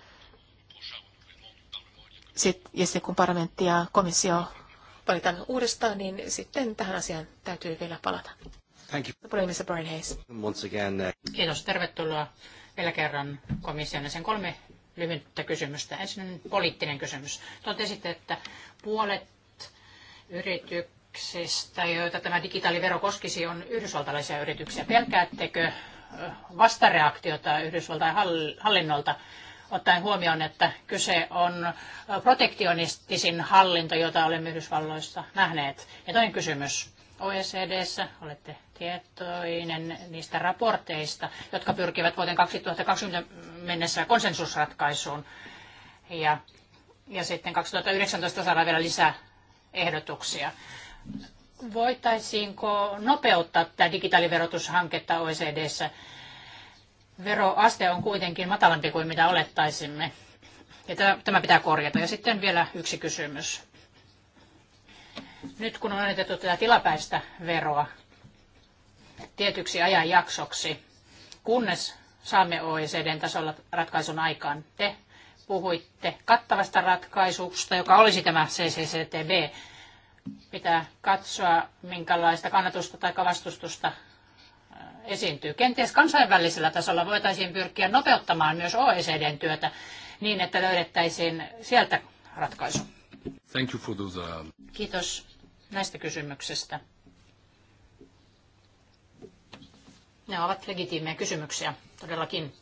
sitten, ja sitten kun parlamentti ja komissio valitaan uudestaan, niin sitten tähän asiaan täytyy vielä palata. Thank you. Paljon, Mr. Brian Hayes. Once again, uh, Kiitos, tervetuloa vielä kerran komission sen kolme lyhyttä kysymystä. Ensinnäkin poliittinen kysymys. Totesitte, että puolet yrityksistä, joita tämä digitaalivero koskisi, on yhdysvaltalaisia yrityksiä. Pelkäättekö vastareaktiota Yhdysvaltain hallinnolta? ottaen huomioon, että kyse on protektionistisin hallinto, jota olemme Yhdysvalloissa nähneet. Ja toinen kysymys. OECDssä olette tietoinen niistä raporteista, jotka pyrkivät vuoteen 2020 mennessä konsensusratkaisuun. Ja, ja sitten 2019 saadaan vielä lisää ehdotuksia. Voitaisiinko nopeuttaa tätä digitaaliverotushanketta OECDssä? veroaste on kuitenkin matalampi kuin mitä olettaisimme. Ja tämä pitää korjata. Ja sitten vielä yksi kysymys. Nyt kun on annettu tätä tilapäistä veroa tietyksi ajanjaksoksi, kunnes saamme OECDn tasolla ratkaisun aikaan, te puhuitte kattavasta ratkaisusta, joka olisi tämä CCCTB. Pitää katsoa, minkälaista kannatusta tai vastustusta esiintyy. Kenties kansainvälisellä tasolla voitaisiin pyrkiä nopeuttamaan myös OECDn työtä niin, että löydettäisiin sieltä ratkaisu. Thank you for those, uh... Kiitos näistä kysymyksistä. Ne ovat legitiimejä kysymyksiä, todellakin.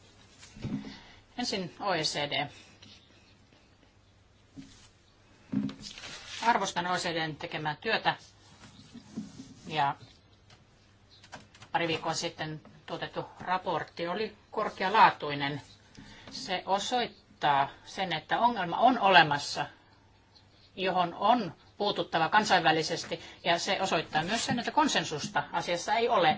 Ensin OECD. Arvostan OECDn tekemää työtä ja pari viikkoa sitten tuotettu raportti oli korkealaatuinen. Se osoittaa sen, että ongelma on olemassa, johon on puututtava kansainvälisesti, ja se osoittaa myös sen, että konsensusta asiassa ei ole.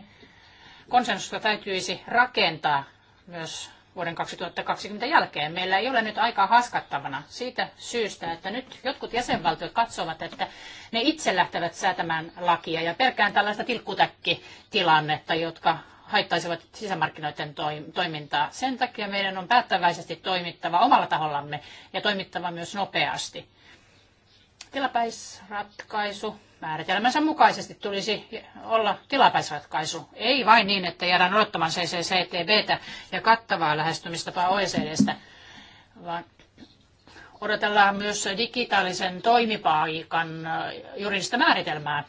Konsensusta täytyisi rakentaa myös vuoden 2020 jälkeen. Meillä ei ole nyt aikaa haskattavana siitä syystä, että nyt jotkut jäsenvaltiot katsovat, että ne itse lähtevät säätämään lakia ja pelkään tällaista tilkkutäkkitilannetta, jotka haittaisivat sisämarkkinoiden toimintaa. Sen takia meidän on päättäväisesti toimittava omalla tahollamme ja toimittava myös nopeasti tilapäisratkaisu määritelmänsä mukaisesti tulisi olla tilapäisratkaisu. Ei vain niin, että jäädään odottamaan CCCTBtä ja kattavaa lähestymistapaa OECDstä, vaan odotellaan myös digitaalisen toimipaikan juridista määritelmää.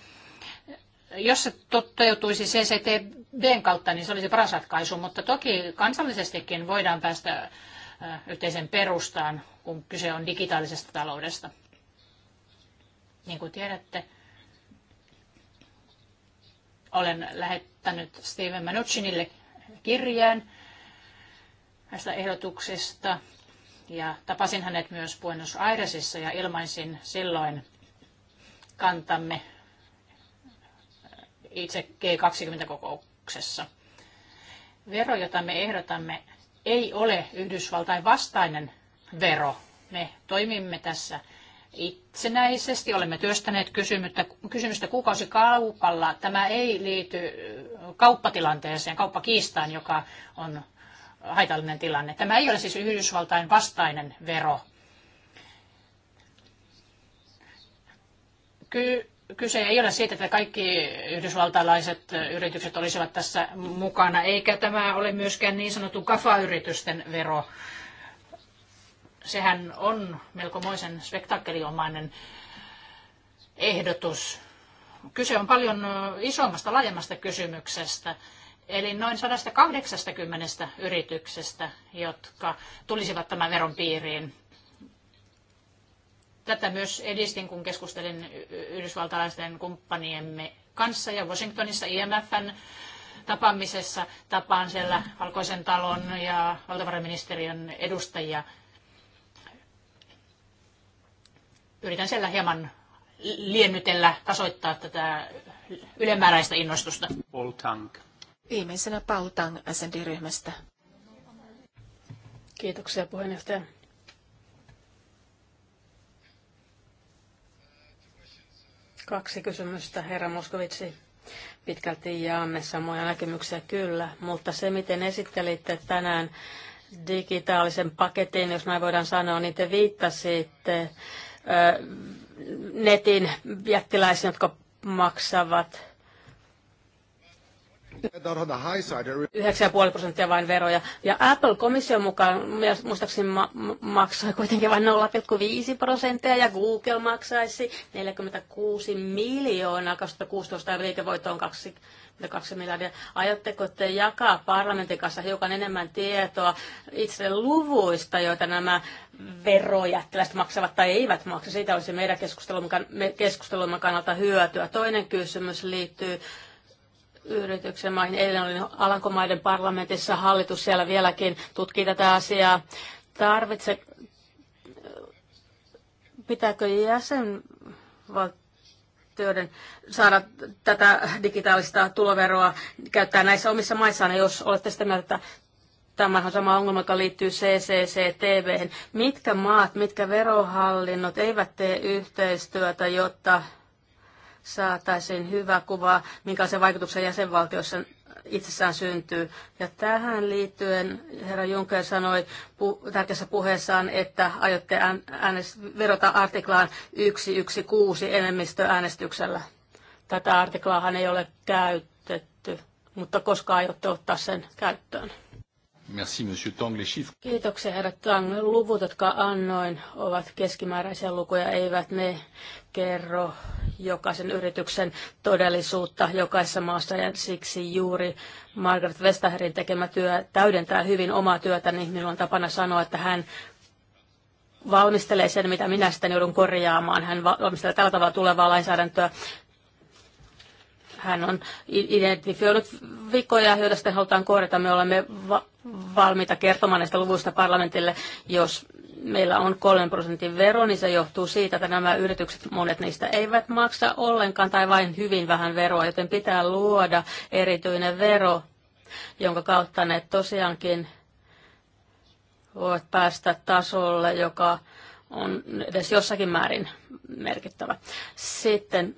Jos se toteutuisi CCTBn kautta, niin se olisi paras ratkaisu, mutta toki kansallisestikin voidaan päästä yhteisen perustaan, kun kyse on digitaalisesta taloudesta. Niin kuin tiedätte, olen lähettänyt Steven Mnuchinille kirjeen näistä ehdotuksista ja tapasin hänet myös Buenos Airesissa ja ilmaisin silloin kantamme itse G20-kokouksessa. Vero, jota me ehdotamme, ei ole Yhdysvaltain vastainen vero. Me toimimme tässä itsenäisesti. Olemme työstäneet kysymystä, kysymystä kuukausikaupalla. Tämä ei liity kauppatilanteeseen, kauppakiistaan, joka on haitallinen tilanne. Tämä ei ole siis Yhdysvaltain vastainen vero. Ky- kyse ei ole siitä, että kaikki yhdysvaltalaiset yritykset olisivat tässä mukana, eikä tämä ole myöskään niin sanottu GAFA-yritysten vero sehän on melkomoisen spektakkeliomainen ehdotus. Kyse on paljon isommasta, laajemmasta kysymyksestä, eli noin 180 yrityksestä, jotka tulisivat tämän veron piiriin. Tätä myös edistin, kun keskustelin yhdysvaltalaisten kumppaniemme kanssa ja Washingtonissa IMFn tapaamisessa tapaan siellä Valkoisen talon ja valtavarainministeriön edustajia – yritän siellä hieman liennytellä, tasoittaa tätä ylimääräistä innostusta. Paul Tang. Viimeisenä Paul Tang SND-ryhmästä. Kiitoksia puheenjohtaja. Kaksi kysymystä, herra Moskovitsi. Pitkälti jaamme samoja näkemyksiä kyllä, mutta se miten esittelitte tänään digitaalisen paketin, jos näin voidaan sanoa, niin te viittasitte netin jättiläisiä, jotka maksavat 9,5 prosenttia vain veroja. Ja Apple komission mukaan muistaakseni ma- maksoi kuitenkin vain 0,5 prosenttia ja Google maksaisi 46 miljoonaa 2016 ja liikevoitto on 2 kaksi miljardia. Ajatteko te jakaa parlamentin kanssa hiukan enemmän tietoa itse luvuista, joita nämä verojättiläiset maksavat tai eivät maksa? Siitä olisi meidän keskustelumme kannalta hyötyä. Toinen kysymys liittyy yrityksen maihin. Eilen oli Alankomaiden parlamentissa, hallitus siellä vieläkin tutkii tätä asiaa. Tarvitse, pitääkö jäsenvaltio yhtiöiden saada tätä digitaalista tuloveroa käyttää näissä omissa maissaan, jos olette sitä mieltä, että tämä on sama ongelma, joka liittyy CCCTV. Mitkä maat, mitkä verohallinnot eivät tee yhteistyötä, jotta saataisiin hyvä kuva, minkälaisia vaikutuksia jäsenvaltiossa itsessään syntyy. Ja tähän liittyen herra Juncker sanoi pu- tärkeässä puheessaan, että aiotte äänest- verota artiklaan 116 enemmistöäänestyksellä. Tätä artiklaahan ei ole käytetty, mutta koska aiotte ottaa sen käyttöön? Merci, Monsieur Tang. Les chiffres. Kiitoksia, herra Tang. Luvut, jotka annoin, ovat keskimääräisiä lukuja, eivät ne kerro jokaisen yrityksen todellisuutta jokaisessa maassa, ja siksi juuri Margaret Vestagerin tekemä työ täydentää hyvin omaa työtäni. Niin minulla on tapana sanoa, että hän valmistelee sen, mitä minä sitten joudun korjaamaan. Hän valmistelee tällä tavalla tulevaa lainsäädäntöä. Hän on identifioinut vikoja, joita sitten halutaan korjata. Me olemme va- valmiita kertomaan näistä luvuista parlamentille, jos meillä on 3 prosentin vero, niin se johtuu siitä, että nämä yritykset, monet niistä eivät maksa ollenkaan tai vain hyvin vähän veroa, joten pitää luoda erityinen vero, jonka kautta ne tosiaankin voivat päästä tasolle, joka on edes jossakin määrin merkittävä. Sitten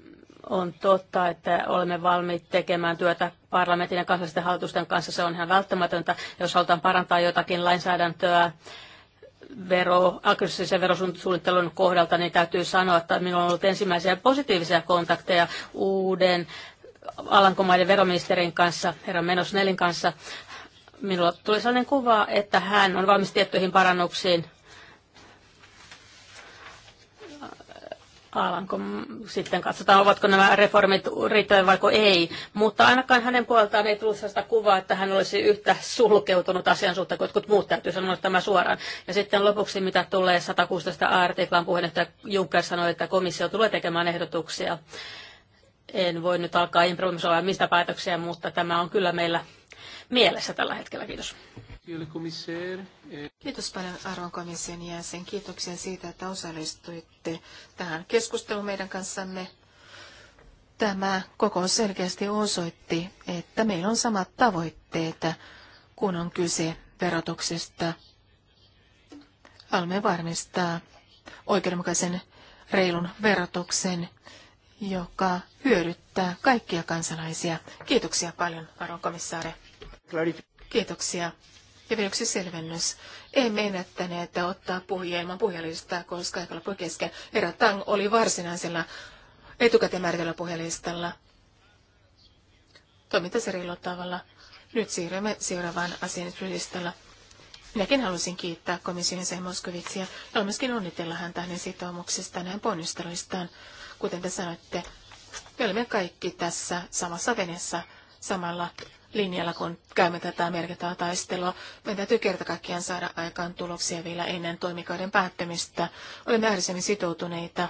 on totta, että olemme valmiit tekemään työtä parlamentin ja kansallisten hallitusten kanssa. Se on ihan välttämätöntä, jos halutaan parantaa jotakin lainsäädäntöä vero, aggressiivisen verosuunnittelun kohdalta, niin täytyy sanoa, että minulla on ollut ensimmäisiä positiivisia kontakteja uuden Alankomaiden veroministerin kanssa, herran Menosnelin kanssa. Minulla tuli sellainen kuva, että hän on valmis tiettyihin parannuksiin Alanko sitten katsotaan, ovatko nämä reformit riittävän vaiko ei. Mutta ainakaan hänen puoleltaan ei tullut sellaista kuvaa, että hän olisi yhtä sulkeutunut asian suhteen kuin jotkut muut täytyy sanoa tämä suoraan. Ja sitten lopuksi, mitä tulee 116 artiklan puheenjohtaja Juncker sanoi, että komissio tulee tekemään ehdotuksia. En voi nyt alkaa improvisoida mistä päätöksiä, mutta tämä on kyllä meillä mielessä tällä hetkellä. Kiitos. Kiitos paljon arvon komission jäsen. Kiitoksia siitä, että osallistuitte tähän keskusteluun meidän kanssamme. Tämä kokous selkeästi osoitti, että meillä on samat tavoitteet, kun on kyse verotuksesta. Haluamme varmistaa oikeudenmukaisen reilun verotuksen, joka hyödyttää kaikkia kansalaisia. Kiitoksia paljon, arvon komissaari. Kiitoksia ja vielä yksi selvennys. Emme että ottaa puhujia ilman puhujalistaa, koska aikalla oli kesken. Herra Tang oli varsinaisella etukäteen määritellä puhujalistalla. Toiminta se tavalla. Nyt siirrymme seuraavaan asian Minäkin halusin kiittää komission jäsen Moskovitsia ja myöskin onnitella häntä hänen sitoumuksistaan ja ponnisteluistaan. Kuten te sanoitte, me olemme kaikki tässä samassa veneessä samalla linjalla, kun käymme tätä merkittävää taistelua. Meidän täytyy kerta kaikkiaan saada aikaan tuloksia vielä ennen toimikauden päättämistä. Olemme äärisemmin sitoutuneita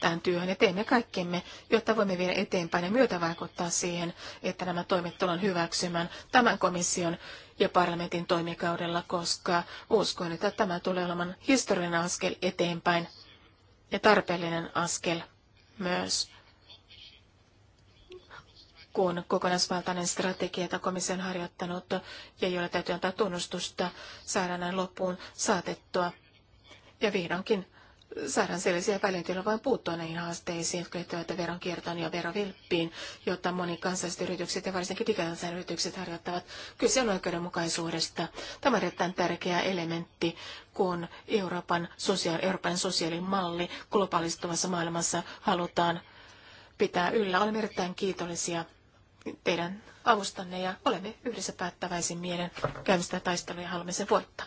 tähän työhön ja teemme kaikkemme, jotta voimme viedä eteenpäin ja vaikuttaa siihen, että nämä toimet tullaan hyväksymään tämän komission ja parlamentin toimikaudella, koska uskon, että tämä tulee olemaan historiallinen askel eteenpäin ja tarpeellinen askel myös kun kokonaisvaltainen strategia, jota komissio on harjoittanut ja jolla täytyy antaa tunnustusta, saadaan näin loppuun saatettua. Ja vihdoinkin saadaan sellaisia välineitä, joilla voidaan puuttua näihin haasteisiin, jotka liittyvät veronkiertoon ja verovilppiin, jotta monikansalliset yritykset ja varsinkin digitaaliset yritykset harjoittavat. Kyse on oikeudenmukaisuudesta. Tämä on erittäin tärkeä elementti, kun Euroopan, sosiaali, Euroopan sosiaalimalli globaalistuvassa maailmassa halutaan pitää yllä. Olemme erittäin kiitollisia teidän avustanne ja olemme yhdessä päättäväisin mielen käynnistää taistelua ja haluamme sen voittaa.